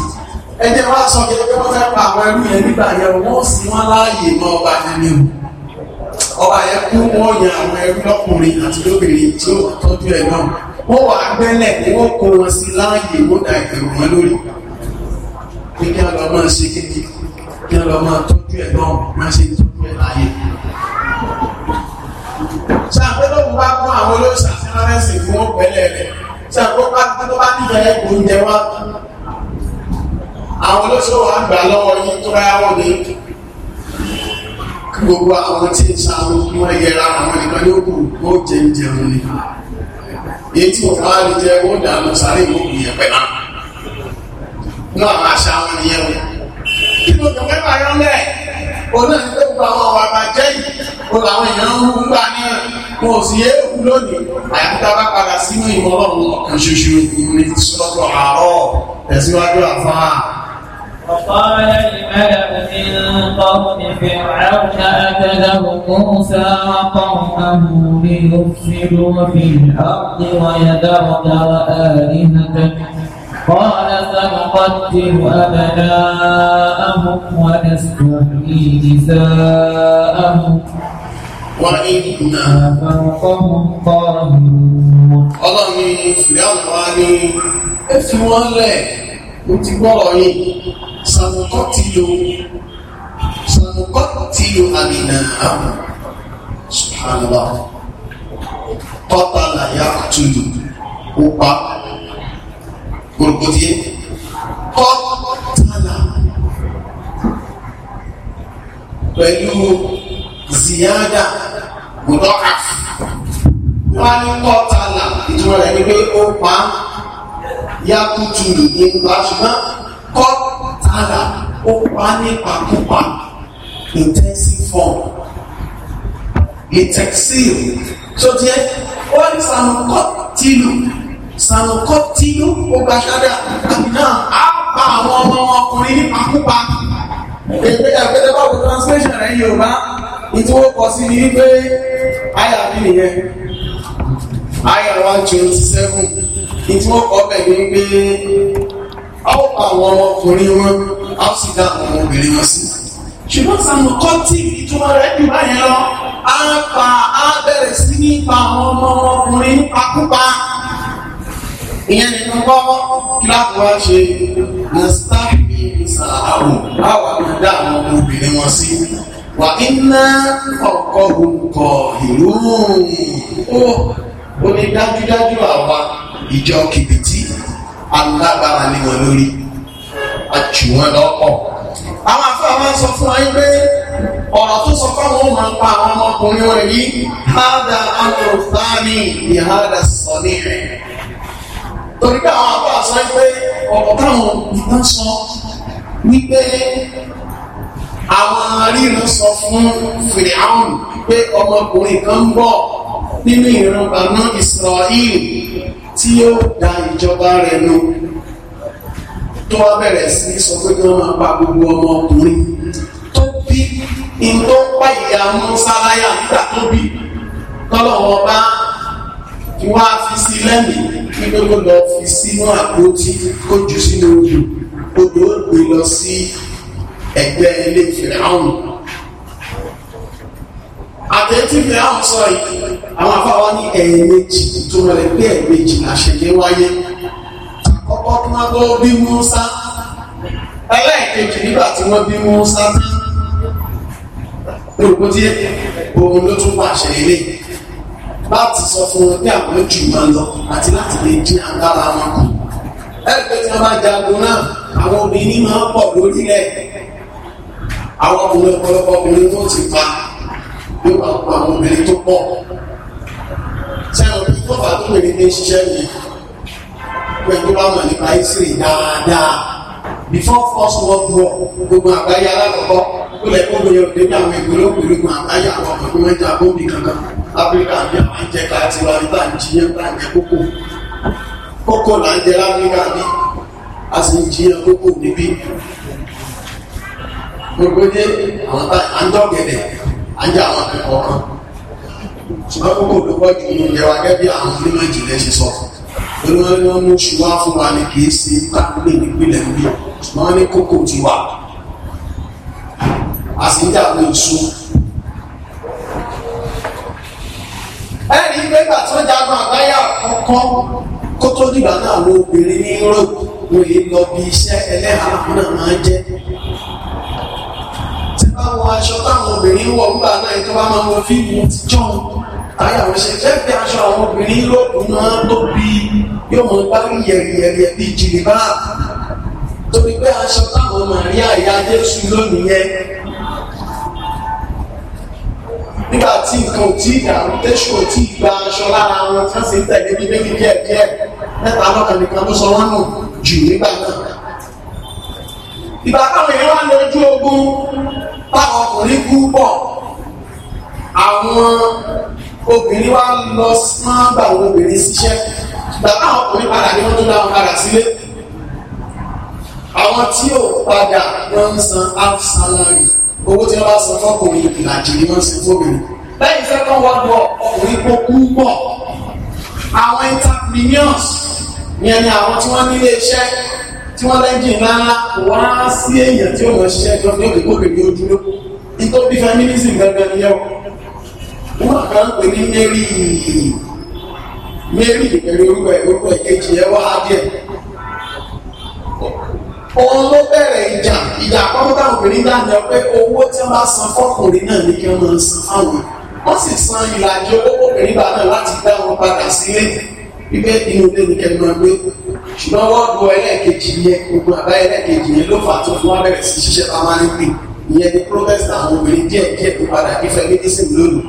ẹ jẹ́ wá sọ pé wọ́n fẹ́ pa àwọn ẹrú yẹn nígbà yẹn wọ́n sì wọ́n láàyè mọ́ ọba yẹn ni o ọba yẹn kú wọ́n yan àwọn ẹrú lọ́kùnrin àti lóbìnrin tí ó tọ́jú ẹ̀ náà wà gbẹ́lẹ̀ wọ́n kó wọn sí láàyè wọ́n da ẹ̀rù wọn lórí pé kí wọ́n lọ máa ṣe kí wọ́n lọ máa tọ́jú ẹ̀ náà máa ṣe tọ́jú ẹ̀ láàyè ṣàpẹ́tọ́kùn bá kún àwọn olóòṣà sí rẹ́sì tí wọ́n pẹ̀lẹ̀ rẹ̀ ṣàpẹ́tọ́kùn tó bá nífẹ̀ẹ́ kò ń jẹ wá àwọn olóòṣà wà gbà lọ́wọ́ yín tó bá yáwó ní gbogbo àwọn tí ń sáré kí wọ́n yẹra àwọn nìkan ló kù ó jẹ ìjẹun ni èyí tí wọ́n bá lè jẹ ó dànù sáré ìmọ̀kù yẹn pẹ̀ náà náà àṣà àwọn o kí ló dùn mẹ́fà yọ mẹ́ẹ̀ oná ní pé gbogbo àwọn ọ̀rọ̀ àbàjẹ́ yìí ó làwọn èèyàn ń rú gbà ní wọn ò sì yé ewu lónìí àyàtúntà bá padà sínú ìmọ̀ ọlọ́run ọ̀kan ṣoṣo ní sọ́tọ̀ àárọ̀ tẹ̀síwájú àfáà. وقال الملأ من قوم فرعون أتذر موسى وقومه ليفسدوا في الأرض ويذرك وآلهتك قال سنقتل أبناءهم ونستحيي نساءهم وإنا فوقهم قاهرون الله من فرعون وعلي افرعون لك كنت قرأي سنقتل سنقتل أبناءهم سبحان الله قتل يقتل وقتل gbòrògbòdìyẹ kọ́ tánà pẹ̀lú ziyada mọ̀dọ́kà wọ́n ní kọ́ tánà ìtumọ̀ rẹ̀ ni pé ó pa yakutu ní nípa ṣùgbọ́n kọ́ tánà ó pa nípa púpà intensive form ìtẹ̀síìrì So jẹ́ wọ́n ní sàmù kọ́ tìlù sànùkọ́ tínú ọgbà ṣáda àbínà á pa àwọn ọmọ ọkùnrin nípakúpa ẹgbẹ́ àgbẹ̀dẹ́ báwo translation rẹ̀ Yorùbá ìtúwó kọ sí ni wípé àyà mi nìyẹn àyà one twenty seven ìtúwó kọ bẹ̀ ni wípé a ó pa àwọn ọmọkùnrin wọn a ó sì dá àwọn ọmọbìnrin wọn sí ṣùgbọ́n sàmùkọ́ tí ìtumọ̀ rẹ̀ jù báyẹn lọ á pa sí ní àwọn ọmọ ọkùnrin nípakúpa ìyẹn nínú kọ́kọ́ kíláàpù wa ṣe nastahi sàáwò báwa máa dá àwọn ọmọbìnrin wọn sí wà iná ọkọ̀ òǹkọ̀ ìlú ó ó ní dájúdájú àwa ìjọ kìbìtì alágbára ni wọn lórí àjù wọn lọ́pọ̀ àwọn afẹ́ àwọn sọ fún wa yín pé ọ̀rọ̀ tó sọ fáwọn ọmọ pa àwọn ọmọkùnrin wọn yìí hádà àwọn òfáàní ìhádà sọ ní rẹ̀ torí pé àwọn àpá àṣọ pé ọ̀pọ̀ táwọn ìtàn sọ wípé àwọn aríran sọ fún fèrè áhùn pé ọmọkùnrin kan ń bọ̀ nínú ìran bàná Israel tí ó da ìjọba rẹ̀ nù tó wá bẹ̀rẹ̀ sí sọ pé kí wọ́n máa pa gbogbo ọmọkùnrin tó bí ìtọ́ pàyà mọ́sáláyà nígbà tó bí tọ́lọ́wọ́ bá wá fi sí lẹ́mìí kí ló kó lọ fi sínú àpótí kó jù sínú odò odò ó gbé lọ sí ẹgbẹ́ ilé fìràhùn àtẹ̀tí fìràhùn sọ yìí àwọn afáwa ní ẹ̀ẹ̀mejì tó rẹ̀ pé ẹ̀ẹ̀mejì àṣẹlẹ̀ wáyé àkọ́kọ́ tí wọ́n gbọ́ bí Mùsá ẹlẹ́ẹ̀kejì nígbà tí wọ́n bí Mùsá tán olùkọ́ tí òun ló tún pàṣẹ ilé yìí láti sọ fún wọn bí àwọn jù máa lọ àti láti lè dín agbára wọn kù ẹgbẹ́ tí wọ́n bá jagun náà àwọn obìnrin máa ń pọ̀ lórílẹ̀ àwọn ọkùnrin ọ̀pọ̀lọpọ̀ obìnrin tó ti pa yóò máa pọ̀ àwọn obìnrin tó pọ̀ sẹ́wọ̀n bí tó bá tó mèrè ní ṣiṣẹ́ yìí pé tó bá mọ̀ nípa ìsìn dáadáa before first world war gbogbo àgbáyé alákọ̀ọ́kọ́ ó yẹ kó gbé yọrọ débi àwọn ìgbèrò ògbèrègbè àbáyé àwọn ọmọ tó máa ń jẹ abóbi kankan áfíríkà àbí àwọn àjẹká àti wàrí bá ń jiyàn bá ń jẹ kókò kókò là ń jẹ láfíríkà bí a sì ń jiyàn kókò níbí gbogbo dé àwọn tá à ń dọ̀gẹ̀dẹ̀ à ń jẹ àwọn akẹ́kọ̀ọ́ kan ṣùgbọ́n kókò ló pọ̀ jù nínú ìjẹwà gẹ́gẹ́ bí àwọn onímọ̀ ìjìnlẹ̀ ṣe sọ olùwọ́n ni wọ́n mú ṣùgbọ́n fún wa ni kì í ṣe tábìlì nípìnlẹ̀ níbi ṣùgbọ́n ní kókò ti wà a sì ń dàbò èso. ẹ̀rí tó jagun àgbáyà kọ́kọ́ kó tó dìgbà náà wo obìnrin ní Europe wọ́n yìí lọ bí iṣẹ́ ẹlẹ́hàá náà máa jẹ́ àwọn aṣọ táwọn obìnrin wọ̀ ńgbà náà tó bá máa wọ fíìmù ti jọ́n táyàwó ṣe fẹ́ fi aṣọ àwọn obìnrin lóògùn náà tó bí yóò mọ bá yẹ̀rìyẹ̀rìẹ̀ bí jìrìbá torí pé aṣọ táwọn màríà ìyá Jésù lónìí yẹn tí nǹkan ò tí dàrú tẹ́sù ò tí gba aṣọ lára wọn tí wọ́n sì ń tẹ̀lé bí méjì díẹ̀ díẹ̀ mẹ́ta lọ́kàn nìkan ló sọ wọ́n nù jù nígbà náà. ìgbà táwọn èèyàn wá lójú ogun táwọn ọkùnrin kú pọ̀ àwọn obìnrin wá lọ máa bá àwọn obìnrin ṣiṣẹ́ ìgbà táwọn ọkùnrin padà ní wọ́n tó dáwọn padà sílé àwọn tí ò padà wọ́n ń san half salary owó tí wọ́n bá san fọ́kùnrin ìlàjì ni wọ́n ń san fóbìnrin lẹ́yìn second world war ọkùnrin kò kú pọ̀ àwọn entrepreneurs yẹn ni àwọn tí wọ́n nílé iṣẹ́ tí wọ́n lẹ́jìn ńláńlá kò wá sí èèyàn tí ó mọ̀ ṣiṣẹ́ jọ ní òkè kókè ní ojúlé nítorí bí feminism gẹ́gẹ́ ni yẹ́wọ̀ wọ́n kàn ń pè ní mary mary ìbẹ̀rẹ̀ orúkọ ìgbókò ìkejì ẹ̀ wá díẹ̀ òun ló bẹ̀rẹ̀ ìjà ìjà àkọ́kọ́ táwọn obìnrin dá ní ọ pé owó tí wọ́n bá san fọ́kùnrin náà ní kí wọ́n máa san fáwọn wọ́n sì san ìlàjì owó obìnrin bá náà láti dá wọn padà sílé wípé inú ilé ní kẹ́mi máa gbé ṣùgbọ́n wọ́ọ̀dù ẹlẹ́ẹ̀kejì yẹn gbogbo àbá ẹlẹ́ẹ̀kejì yẹn ló fà tó fún wa bẹ̀rẹ̀ sí ṣiṣẹ́ pamánítì ìyẹn ní protest àwọn obìnrin díẹ̀ díẹ̀ tó padà nífẹ̀ẹ́ méjèèjì lónìí.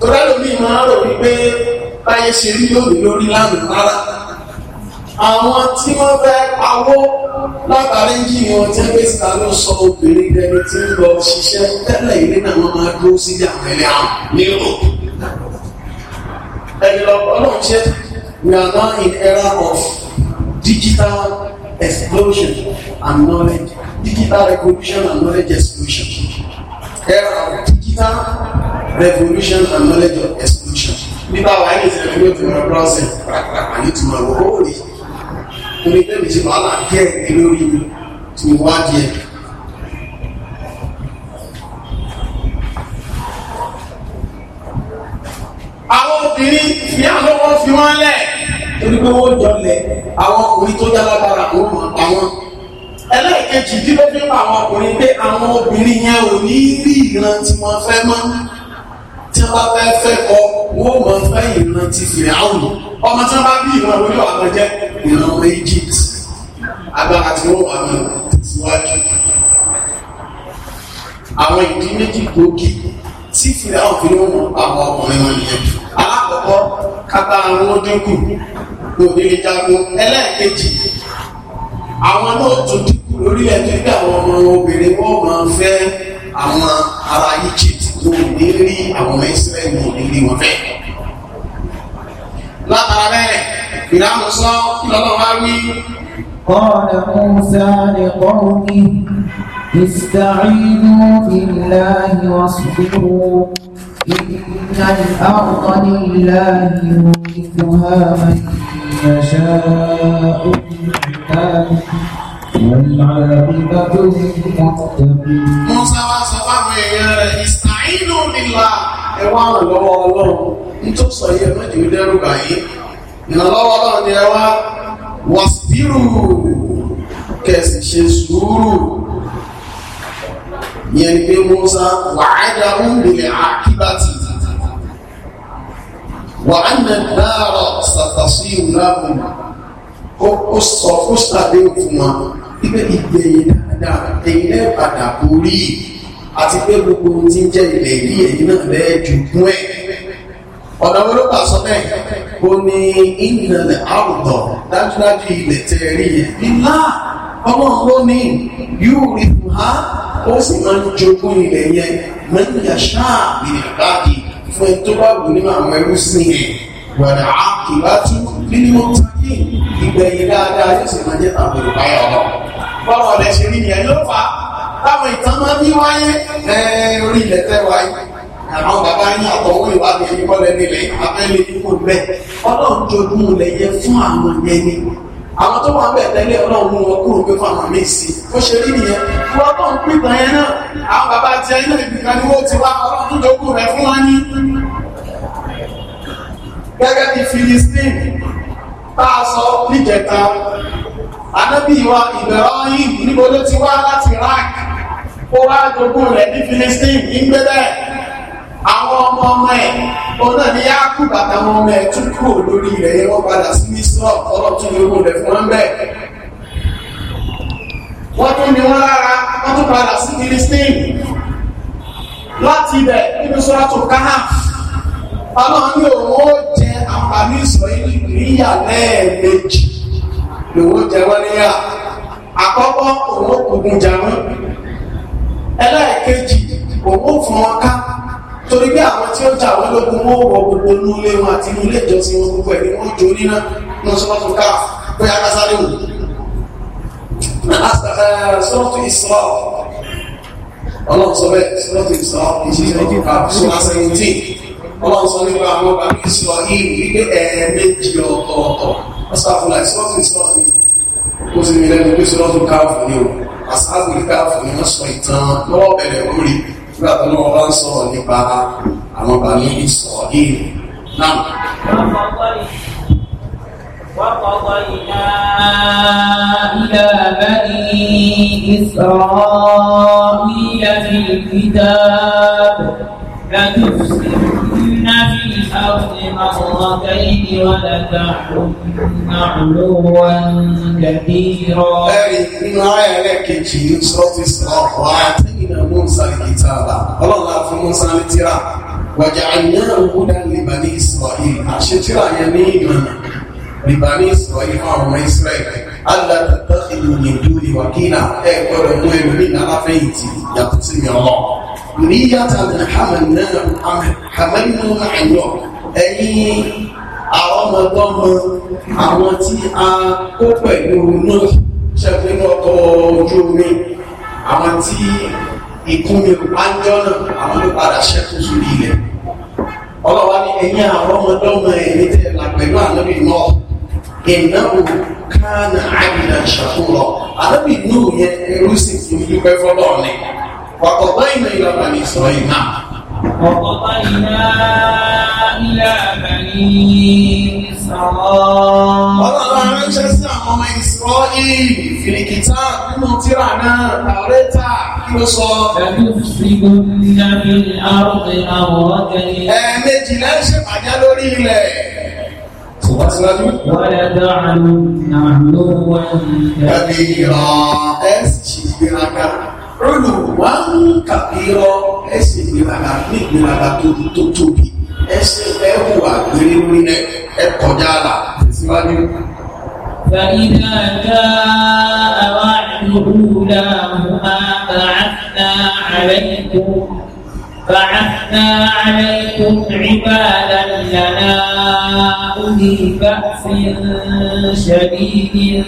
tọ́lá lómi máa ń rò wípé báyé ṣe rí lónìí lórí lánàá rárá àwọn tí wọ́n fẹ́ pawó látàrí jíìnì wọn tí wọ́n síta ló sọ obìnrin dẹni tí ń lọ ṣiṣẹ́ tẹ́lẹ̀ ilé náà wọ́n máa dúró sí àtẹ̀lé àwọn nírò. ẹ̀yìn ọlọ́run ṣe we are now in era of digital explosion and knowledge digital revolution and knowledge explosion era of digital revolution and knowledge explosion. nígbà wàá ní ìṣẹ̀lẹ̀ ló ti rọ̀ browsing pàápàá ní tùmọ̀ lọ́wọ́ òòlì torí tẹ́lẹ̀ ṣe wàhálà díẹ̀ ní lórí tí mo wá díẹ̀. àwọn obìnrin fi àlọ́wọ́ fi wọ́n lẹ̀ torí pé wọ́n jọlẹ̀ àwọn ọkùnrin tó yálágbára ó mọ̀ àwọn. ẹlẹ́ẹ̀kejì kí àwọn ọkùnrin pé àwọn obìnrin yẹn ò ní rí ìran tí wọ́n fẹ́ mọ́ tí wọ́n bá fẹ́ fẹ́ kọ wọ́n mọ̀ fẹ́ ìran ti fìrì àwọn ọmọ tí wọ́n bá bí ìran orí àwọn jẹ́ ìran ọmọ Egypt agbára tí wọ́n wà ní síwájú àwọn ìdí méjì gbòógì tí fìrì àwọn fi wọ́n mọ̀ àwọn ọkùnrin wọn nìyẹn alákọ̀ọ́kọ́ kápá àwọn ojúkù kò ní lè jagun ẹlẹ́ẹ̀kejì àwọn náà tún dínkù lórí ẹ̀jẹ̀ bí àwọn ọmọ obìnrin wọ́n máa fẹ́ àwọn ará Egypt قال موسى لقومه استعينوا بالله واصبروا إن الأرض لله يورثها من يشاء من والعاقبة للمتقين موسى واصبروا يا رئيس àìlú nílá ẹ wá ràn lọ́wọ́ ọlọ́run nítorí sọ yẹ mẹ́jọ dẹ́rù báyìí ìrànlọ́wọ́ ọlọ́run ni ẹ wá wàsíbírù kẹsì ṣe sùúrù yẹn pé musa wàhálà ń bèrè àkíbàtì wàhálà dáàrọ̀ sàtàsí ìwúláàbùn kó ó sọ fún sàdéhùn fún wa ibi ìgbẹ̀yìn dáadáa ẹ̀yìn ẹ̀ padà borí yìí àti pé gbogbo ohun tí ń jẹ́ ilẹ̀ ìlú ẹ̀yìn náà bẹ́ẹ̀ jù kún ẹ̀. ọ̀nà wo ló pàṣọ bẹ́ẹ̀ ó ní ìnàlẹ̀ àwùjọ dájúdájú ilẹ̀ tẹ rí yẹn ńlá ọmọ ló ní yóò rí fún ha ó sì máa ń jogún ilẹ̀ yẹn mẹ́yà ṣáà ìrìn àbáàdì fún ẹ tó bá wù nínú àwọn ẹrú sí ẹ̀ wàrà àkìbátú nínú mọ́tàkì ìgbẹ̀yìn dáadáa yóò sì máa jẹ́ tàbí ìbáyọ̀ náà báwọn ọ̀dẹ̀ ṣe rí nìyẹn ló fà á táwọn ìtàn máa bí wáyé orí ilẹ̀ tẹ́ wáyé àwọn bàbá yín àtọwọ́ ìwádìí ẹ̀yìn kọ́lẹ̀ nílẹ̀ abẹ́lé ikú bẹ́ẹ̀ ọlọ́run jojú ilẹ̀ yẹ fún àwọn yẹn ni àwọn tó wà ń bẹ̀ tẹ́lẹ̀ ọlọ́run mú wọn kúrò pé fún àwọn míì sí ó ṣe rí nìyẹn wọ́n tó ń pín tàn yẹn náà àwọn bàbá àti ẹ̀yìn náà ìgbìkan ni wọ́n ti wá ọlọ́run tó jókòó rẹ̀ fún wọn ní gẹ́gẹ́ bí Philistine tá a sọ níjẹta anábìyíwa ìbẹ̀rọ yìí níbo ló ti wá láti ráàkì ó wá jogún rẹ̀ ní Philistine ní gbẹ́bẹ́ àwọn ọmọ ọmọ ẹ̀ òun náà ní yáàkú bàtà àwọn ọmọ ẹ̀ tún kúrò lórí rẹ̀ yẹn wọ́n padà sí ní sọ́ọ̀ ọlọ́tún yòókù rẹ̀ fún wọn bẹ́ẹ̀ wọ́n tún ní wọ́n lára wọ́n tún padà sí Philistine láti ibẹ̀ nínú sọ́ọ̀tù káhà ọlọ́run ní òun ó jẹ àǹfààní ìsọ̀yìn níyà lẹ́ẹ̀mejì lòun jẹ wọ́n níyà àkọ́kọ́ òun ó kùnkùn jà ẹlẹ́ẹ̀kejì òun fún wọn ká torí bí àwọn tí ó jà wọ́n lógun wọ́n wọ gbogbo inú ilé wọn àti inú ilé ìjọsìn wọn gbogbo ẹ̀mí wọn jó níná ní sọ́tún ká bóyá kásáré wò sọ́tún ìsọ́ ọlọ́run sọ bẹ́ẹ̀ sọ́tún ìsọ́ ìṣẹ́jú ká sọ́ra sẹ́yìntì ọlọ́run sọ nípa àwọn ọba ní ìsọ yìí wípé ẹ̀ẹ̀mejì ọ̀tọ̀ọ̀tọ̀ ọ̀sáfúnlá ìsọ́tún ìsọ́tún kó sì ní lẹ́nu pé sọ́tún ká fún ní asáàbù ìkáàfù ni wọ́n sọ ìtàn lọ́wọ́ bẹ̀rẹ̀ lórí nígbà tó lọ́wọ́ bá ń nípa àwọn bàmí ìsọ̀ ìlú náà. وقضينا إلى بني إسرائيل في الكتاب لتفسدن في الأرض مرتين ولتعلن علوا كثيرا من آية لك سورة إسراء وآتينا موسى الكتاب الله في موسى التراب وجعلناه هدى لبني إسرائيل عشان ترى يعني لبني إسرائيل وهم إسرائيل ألا تتخذوا من دوني وكيلا إيه قولوا مهم من على فيتي الله ذرية من حملنا حملنا حيوم أي àwọn ọmọdọ́mọ àwọn tí a kó pẹ̀lú náà ṣẹ̀fẹ́ lọ́kọ̀ ojú omi àwọn tí ìkúnmi pàjọ́nà àwọn ló padà ṣẹ́kù sórí ilẹ̀ ọlọ́wà ní ẹ̀yìn àwọn ọmọdọ́mọ ẹ̀yìn tẹ̀lá pẹ̀lú ànábì náà ìnáwó kánà àbìlà ṣàkóso ànábì náà yẹn ẹrú sì fún dúpẹ́ fọ́lọ́ọ̀ni وقضينا إلى بني إسرائيل وقضينا إلى بني إسرائيل وقضى رانشا سامة إسرائيل في الكتاب المطرنا تاريتا لتفسدن في الأرض مرتين ẹ̀ẹ̀mejì lẹ́ṣẹ̀ bàjẹ́ lórí ilẹ̀ Tùwásíwájú. Wọ́n yẹ dáhùn náà rònà wà ń kàbírọ ẹsẹ̀ ìgbéraga ní ìgbéraga tó tóbi ẹsẹ̀ ẹ̀hù àgbèrè lórí ẹ̀ ẹ̀ síwájú. فإذا جاء وعد الأولى ما بعثنا عليكم بعثنا عليكم عبادا لنا أولي بأس شديد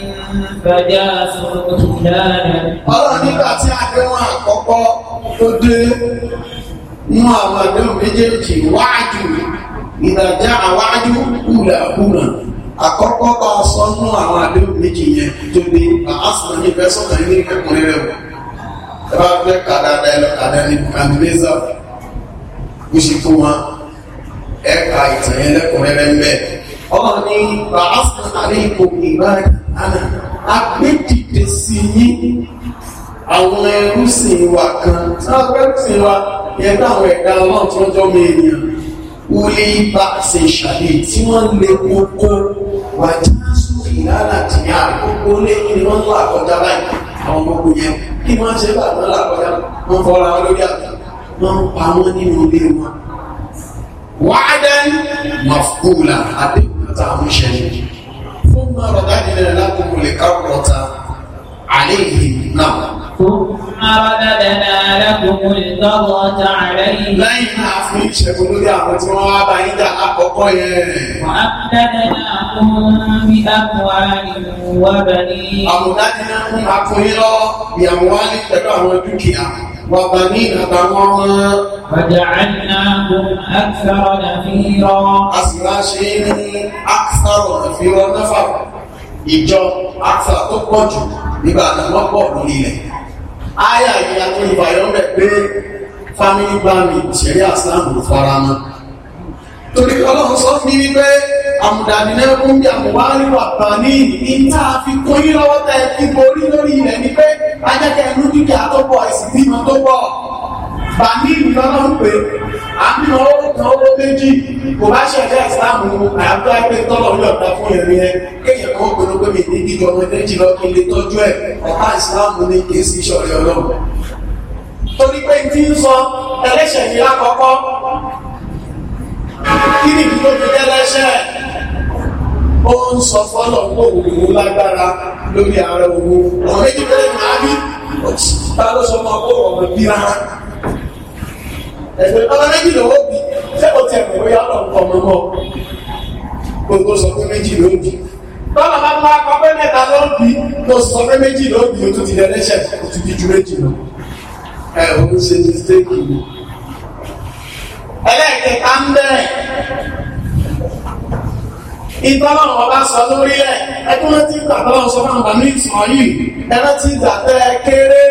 فجاسوا خلالا ọ̀rọ̀ nígbà tí àdéhùn àkọ́kọ́ tó dé mú àwọn àdéhùn méjèèjì wáájú ìdájá àwájú kùlàkùlà àkọ́kọ́ bá sọ mú àwọn àdéhùn méjì yẹn tó dé àásùn ní fẹ́ sọ́kàn ní ìkẹ́kùnrin rẹ̀ wọ́n bá fẹ́ kàdáadáa ẹlọ́kàdáa ní kàndínlẹ́sà bó ṣe tó wọn ẹ̀ka ìtàn yẹn lẹ́kùnrẹ́rẹ́ ń bẹ̀. ọlọ́run ní bàásù àlẹ́ ipò ìbáraẹni àná agbẹ́dìde sí yín àwọn ẹrúsìn wa kan tí wọ́n fẹ́ sìn wa yẹn táwọn ẹ̀dá ọlọ́run tí wọ́n jọ mọ ènìyàn wọlé bá ṣe ṣàlẹ̀ tí wọ́n lè kókó wájú ìlànà tí a gbogbo lé ní wọ́n tó àkọjá báyìí àwọn gbogbo yẹn kí wọ́n ṣe bá àwọn alákọjá wọ́n fọ́ra lórí àtàkùn wọ́n pa wọ́n nínú ilé wọn wáádán mafúlà àdéhùnta àwọn ìṣẹ̀lẹ̀ fún mọ́rọ̀ dájúlẹ̀ lákòókò lè kárọ̀ta àléhìn náà Lẹ́yìn náà fún ìṣẹ́gun lórí àwọn tí wọ́n wá bá yín dà àkọ́kọ́ yẹn. Àmùdájú náà fún àkúnyí lọ ìyàwó wálé pẹ̀lú àwọn dúkìá. وبنين تماما وجعلناكم أكثر نفيرا أصلا شيء أكثر نفيرا نفر ìjọ àti àtọ́pọ̀ jù nígbà àtàwọn pọ̀ lórí ilẹ̀ ayà ìyàtọ̀ ìfàyọ́ bẹ̀ pé family planning ṣẹ̀rí àsìláàmù faramọ́ torí ọlọ́run sọ fún mi pé àmùdàdì náà kún bí àmùwárí wà tán ní ìní tá a fi kún yín lọ́wọ́ tẹ fi borí lórí ilẹ̀ ni pé ajẹ́kẹ́ inú dúkìá tó pọ̀ ẹ̀sìn bímọ tó pọ̀ bàmí ìlọ́nà ń pè àmì owó kan owó méjì kò bá ṣẹ̀dá ìsìláàmù àyàbá ẹgbẹ́ tọ́lọ̀ ní ọ̀dà fún ẹ̀rí ẹ kéèyàn kan pinnu pé mi ní gíga ọmọ méjì lọ kí n lè tọ́jú ẹ̀ ọ̀tá ìsìláàmù ní kì í sí ìṣọ̀rẹ́ ọlọ́run torí pé n ti ń sọ ẹlẹ́ṣẹ̀ yìí lákọ̀ọ́kọ́ kí ni kí ló fi dẹ́lẹ́ṣẹ̀ ó ń sọ fọ́lọ̀ pé òun òun lágbára lórí ara òun ọ̀rọ̀ méjì péré máa bí ta ló sọ máa kó ọ̀rọ̀ bí rárá ẹ̀sẹ̀ ọmọ méjì lówó bí ṣé kò tiẹ̀ pẹ̀lú yá ọ̀rọ̀ nǹkan ọmọ mọ́ gbogbo sọ pé méjì ló bí tọ́lá bá máa kọ pé mẹ́ta ló bí tó sọ pé méjì ló bí o tún ti dẹ́lẹ́ṣẹ̀ o ti bí ju méjì lọ ẹ̀ òun ṣe mistake ni ẹlẹ́ẹ̀kẹta ń bẹ̀rẹ̀ ìtọ́lọ́run ọba sọ lórílẹ̀ ẹkún rántí ìgbà tọ́lọ́run sọ fún àǹfààní ìtàn yìí ẹrántí ìgbà tẹ́ ẹ kéré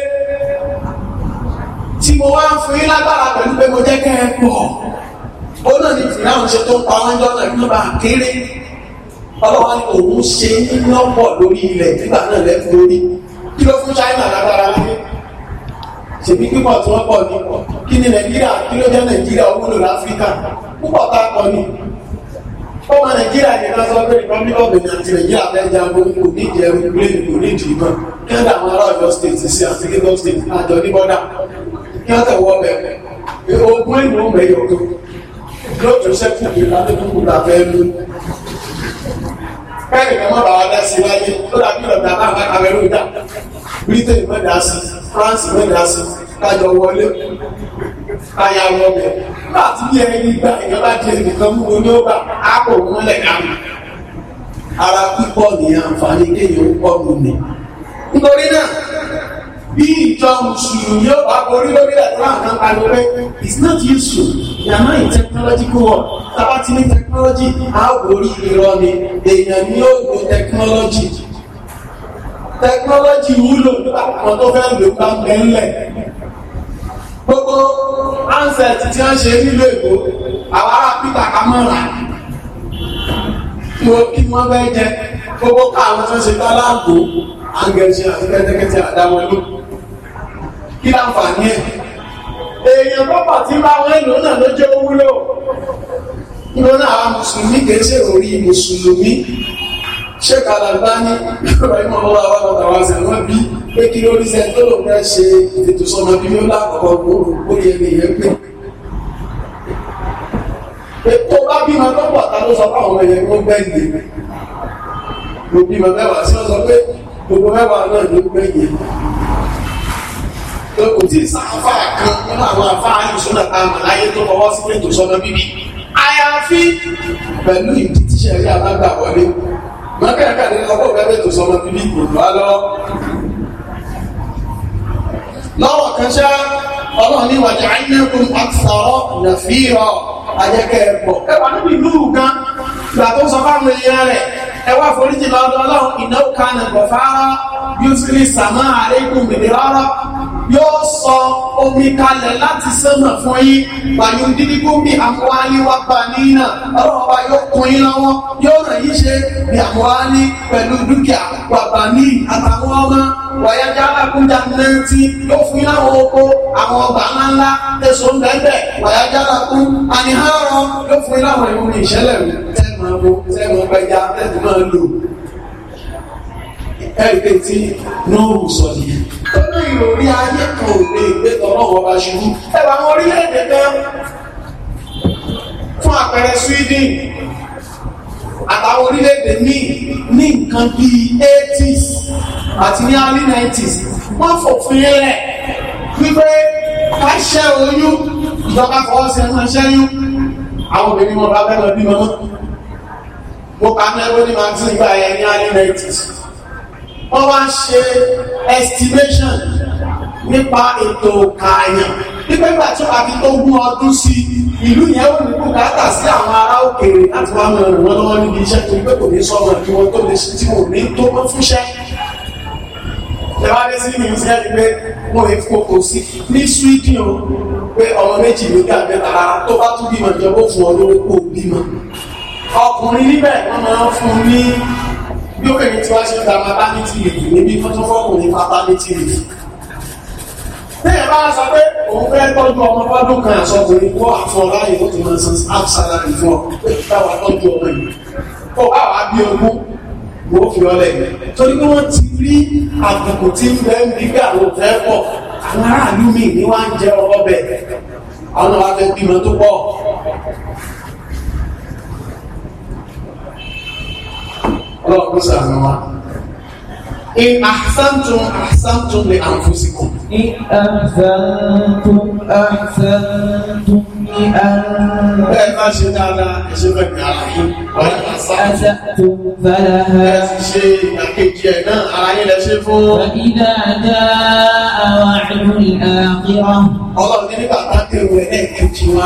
tí mo wá ń fún yín lágbára pẹ̀lú pé mo jẹ́ kẹ́ ẹ pọ̀ ó náà ní ìfìdáhùn ṣe tó ń pa wọ́n jọ́nà ìlú bá kéré ọlọ́wà ni òun ṣe ń lọ́pọ̀ lórí ilẹ̀ nígbà náà lẹ́kùn lórí kí ló fún China lágbára ṣèbí pípọ̀ tí wọ́n pọ̀ ní kí ni nàìjíríà kí ló jẹ́ nàìjíríà owó lò láfíríkà púpọ̀ tá a kọ́ ni ọmọ nàìjíríà yìí ká sọ pé republic of benin àti nàìjíríà fẹ́ jagun kò ní jẹ ukraine kò ní jì náà kí wọ́n dà àwọn ará ọ̀yọ́ state sí àti lagos state àjọ ní bọ́dà kí wọ́n tẹ̀ wọ́ bẹ̀rẹ̀ ogun ìlú mẹ́yọ̀ tó lóòtú sẹ́kù ìlànà ìlú làbẹ́ lónìí kẹ́rin kan má bàa dá sí láyé ó dàbí ọ̀dà náà àwẹ̀rù ìdá britain má dá sí france má dá sí kájọ wọlé káyà wọlé láti bí ẹni gbá ìjọba di ẹnìkan mú wọn ní ó bá àpò mọ́lẹ̀ dànù ara pípọ̀ ní àǹfààní kéèyàn ń pọ̀ nù nítorí náà bí ìjọ mùsùlùmí ó bá borí lórí ẹ̀tọ́ àwọn kan pariwo pé it's not useful yàmá in technological world tábà ti ní technology á borí irọ́ ni èèyàn ni ó lo technology technology wúlò nípa àwọn tó fẹ́ lò bá mẹ́lẹ̀ gbogbo handset tí wọ́n ṣe nílò èkó àwọn ará peter kamara kí wọ́n fẹ́ jẹ gbogbo káwọn tó ṣe tá láàbò àǹgẹ̀ṣe àti kẹ́tẹ́kẹ́tẹ́ àdáwọlú kí láǹfààní ẹ̀ èèyàn rọ́bà tí bá wọn ìlú náà ló jẹ́ wúlò ìlú náà àwọn mùsùlùmí kìí ṣe orí mùsùlùmí ṣé kàlàgbá ní ìjọba ìmọ̀ ọwọ́ àwọn àtàwọn àṣà wọn bí pé kí lórí sẹ́ tó lò fẹ́ ṣe ètò sọmọ bí ó lákọ̀ọ́ gbòòrò bóyá ènìyàn pé Ètò bá bímọ tó ta ló sọ fún àwọn ẹ̀yẹ ló gbẹ̀yìn. Mo bímọ mẹ́wàá sí ọ sọ pé gbogbo mẹ́wàá náà ló gbẹ̀yìn kò tí ì sáfà kan nínú àwọn afáà ìṣúná ta màláyé tó fọwọ́ sí pé tòṣọ́nà bíbí àyàfi pẹ̀lú ìdí tíṣẹ́ rí alágbà wọlé mọ́kẹ́kẹ́ ní ọkọ̀ bẹ́ẹ̀ tòṣọ́nà bíbí kò lọ́ lọ́wọ́ lọ́wọ́ kan ṣá ọlọ́run ní wàjà àìnẹ́kùn àtìsàrọ̀ nàfíìrọ̀ àjẹkẹ́ ẹ̀pọ̀ ẹwà níbi ìlú gan ìgbà tó sọ fáwọn èèyàn rẹ̀ ẹwà foríjì lọ́dọ̀ ọlọ́run ìnáwó kan nàgbọ̀fárá yusuf sàmà àríkùn mìíràn yóò sọ omi kalẹ̀ láti sánmà fún yín pàyọ dídígúnbí àwọn aléwápa nínà ọlọ́ọ̀bá yóò kún yín lọ́wọ́ yóò ràn yín ṣe bí àwọn alé pẹ̀lú dúkìá wàbà ní àtàwọn ọmọ wàyájá lákúnjà nẹ́ẹ̀tì yóò fún yín láwọn oko àwọn ọgbà ńláńlá tẹ̀sọ̀ ń bẹ́ẹ̀ wàyájá lákún àníhàrọ̀ yóò fún yín láwọn ìwọ̀n ìṣẹ̀lẹ̀ ẹ̀rí tí nóòrù sọ nìyẹn. ó ní ayé kan ò lè gbé tọ́lọ́wọ́ bá ṣubú ẹ bá wọn orílẹ̀-èdè kan fún àpẹẹrẹ Sweden àtàwọn orílẹ̀-èdè míì ní nǹkan bíi 80s àti ní early 90 wọ́n fòfin lẹ̀ wípé ká ṣẹ́ oyún ìjọba fọwọ́ sí ẹ̀sán ṣẹ́yún àwọn obìnrin wọn bá fẹ́ lọ bímọ mọ́ mo kà mẹ́rin ní màá tún ìgbà ẹ̀ ní early 90s wọ́n wá ń ṣe estimation nípa ètò kààyàn nígbà ìgbà tí wàá fi tó gún ọdún sí ìlú yẹn ò ní bùkátà sí àwọn ará òkèèrè láti wá mọ òun lọ́wọ́ níbi iṣẹ́ tó gbé kò ní sọ̀rọ̀ kí wọ́n tó lè ṣe tí wọ́n ní tó mọ́ fúnṣẹ́ tẹ̀wádé sí ní ìṣẹ́ ni pé wọ́n lè fún oko sí ní Sweden o pé ọmọ méjì ló dà mẹ́ta rárá tó bá tún bímọ ìjọba ó fún ọ lówó kó bímọ ọkùnrin níbẹ̀ wọ́n máa ń fún ní bí ó fẹ̀mí tí wá ṣe gba maternity leave níbi kọ́tọ́fọ́ọ̀mù ní paternity leave bẹ́ẹ̀ bá sọ pé òun fẹ́ tọ́jú ọmọ fọ́dún kan àsọkùnrin wọ́n àfọ láyé tó ti máa san half salary fún ọ pé báwa tọ́jú ọmọ yìí kó bá wàá bí ogún mo fi ọlẹ̀ torí pé wọ́n ti rí àbùkù tí ń bẹ́ẹ̀ ń bí gbà ló pọ̀ àwọn aráàlú mi ní wá ń jẹ ọwọ́ 不不散了吗？إن أحسنتم أحسنتم لأنفسكم إن أحسنتم أحسنتم لأنفسكم ẹ bá ṣe dáadáa ẹ ṣe fẹ́ ara yín wọ́n yà sáàtì ẹ sì ṣe ìdàkejì ẹ̀ náà ara yín lẹ ṣe fún. ìdá dá àwọn àìmọ̀ ìlàkírọ̀. ọlọ́run ní nígbà tá a dé ìwé ẹ̀ kejì wá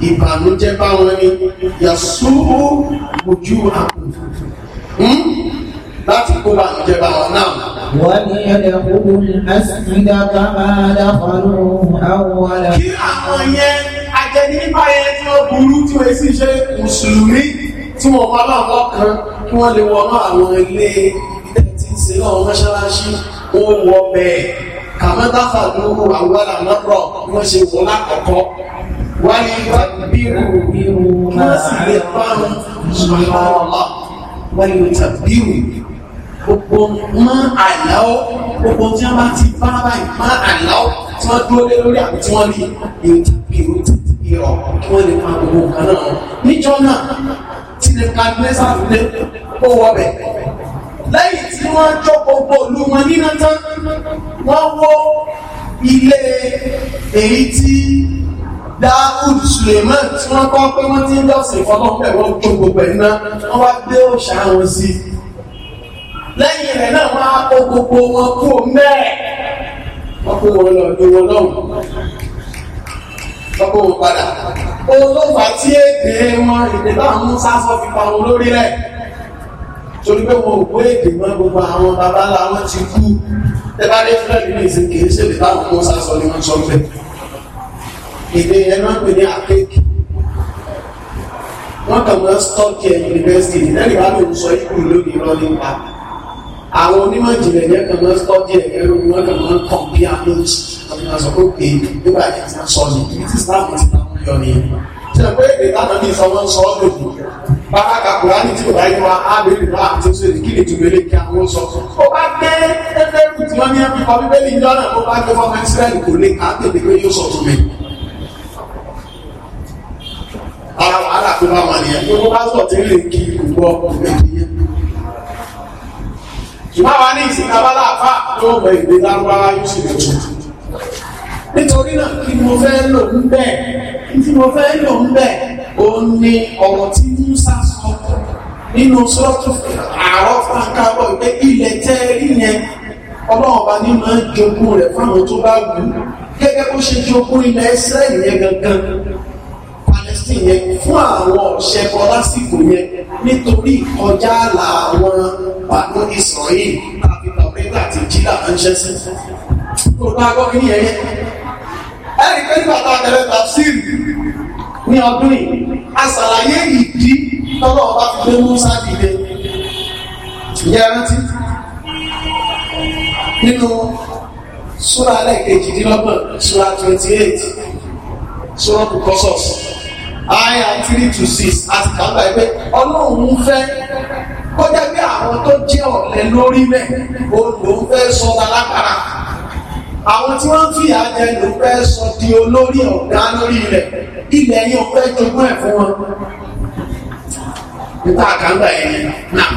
ìbànújẹ́ bá wọn ni yasubu ojú àpò láti kó bá ń jẹba wọn náà. wọ́n ní ẹ̀rẹ̀ kúrú lásìkò kàmá dáfàlú àwọ̀lá. kí àwọn yẹn ajẹni nípa yẹn tí wọ́n burú tí wọ́n sì ṣe mùsùlùmí tí wọ́n bá lọ́wọ́ kan kí wọ́n lè wọnú àwọn ilé tí ń ṣe náà mọ́ṣáláṣí ó wọ bẹ́ẹ̀ kàmá dáfàlú àwọ̀lá rọ̀ wọ́n ṣe wọ́n lákọ̀ọ́kọ́ wáyé wá bírù bírù náà sì lè parun ṣùgbọ́nlá wáyé wá bírù gbogbo mọ àláwọ gbogbo tí wọn bá ti bá báyìí mọ àláwọ tí wọn dúró lé lórí àbí tí wọn rí èyí tí bírù títí irọ́ kí wọn lè pa gbogbo nǹkan náà níjọ náà tí lè ka gbé sáfìlẹ kó wọbẹ lẹ́yìn tí wọn jọ gbogbo òlu wọn níná tán wọn wọ ilé èyí tí. Dáúd Suleiman tí wọ́n kọ́ pé wọ́n ti ń dọ̀sìn fọlọ́pẹ̀ wọ́n tó gbogbo ẹ̀ ná wọ́n wá gbé òòṣà wọn sí i. Lẹ́yìn rẹ̀ náà wọ́n á kó gbogbo wọn kú mẹ́ẹ̀. Wọ́n kó wọn lọ ní wọn lọ́hùn. Wọ́n kó wọn padà. Olóògbà tí èdè wọn èdè náà mú sásọ fi pa wọn lórí rẹ̀. Torí pé wọn ò gbọ́ èdè mọ́ gbogbo àwọn babalá wọn ti kú. Tẹ́bárẹ́ fúlẹ̀ nínú ìsìnkì ìṣèlú táwọn mú sásọ ni wọ́n sọ fẹ́ èdè yẹn máa ń pè ní àkéèkì wọ́n kàn máa stọ́ọ̀kì ẹ̀ yunifásitì lẹ́nu ìbá lòun sọ ikú lórí irọ́ nípa àwọn onímọ̀ ìjìnlẹ̀ yẹn kàn máa stọ́ọ̀kì ẹ̀ ẹ̀rọ wọn kàn máa kàn bí àlóòtì wọ́n máa sọ pé pé nígbà yẹn ti sọ ní ibi tí sáà ti ta wọn yọ ní ẹni. ṣe pé èdè táwọn ní ìsọwọ́ ń sọ ọ́ lòdì bàbá kakura ní tí o bá yẹ wa á lè rí wa àti oṣù èdè kí lè tún lè kí àwọn sọ. ó bá gbé ẹgbẹ́ rúùtù wọn ní ẹbí kọ bíbélì ìjọ náà ó bá gbé fọmọ ìsírẹ́lì kò lè ká tètè pé yóò sọ tó mi ara wàhálà tó bá wà nìyẹn gbogbo pásítọ̀ tí ń lè kí ìgbọ́ ìgbẹ́kìyẹn. ṣùgbọ́n wa ní ìsìn abala àfà tó mọ ìgbé lárúbáwá yóò sì lè tù. nítorí náà kí mo fẹ́ lò ń bẹ̀ kí mo fẹ́ lò ń bẹ̀ ó ní ọ̀rọ̀ tí Musa sọ nínú sọ́ọ̀tù àárọ̀ fúnkábọ̀ pé ilẹ̀ tẹ́ rí yẹn ọlọ́run bá ní máa ń jogún rẹ̀ fáwọn tó bá wù ú gẹ́gẹ́ bó ṣe jogún ilẹ̀ Ísírẹ́lì yẹn gangan sixty yẹn fún àwọn ọ̀ṣẹ́kọ lásìkò yẹn nítorí ìkọjá àlà àwọn bàánú ìsọ̀yìn tàbí tàbẹ́tà àti jílà ránṣẹ́ sí. tó bá gbọ́ kí nìyẹn yẹn. ẹ̀rí pé nígbà tá a bẹ̀rẹ̀ tafsir ní ọdún yìí a ṣàlàyé ìdí tọ́lọ́ ọba fi gbé Musa dìde. ìyá rántí nínú súra lẹ́ẹ̀kejìdínlọ́gbọ̀n súra twenty eight súra kù kọ́sọ̀sì. i aya three to six àti kàńgbà ẹgbẹ́ ọlọ́run ń fẹ́ kọjá bí àwọn tó jẹ́ ọ̀lẹ lórí mẹ́ olùdó ń fẹ́ sọ lálákàrà àwọn tí wọ́n fi àjẹ ló fẹ́ sọ di olórí ọ̀gá lórí rẹ̀ ilẹ̀ yìí ò fẹ́ jogún ẹ̀ fún wọn níta kàńgbà yẹn náà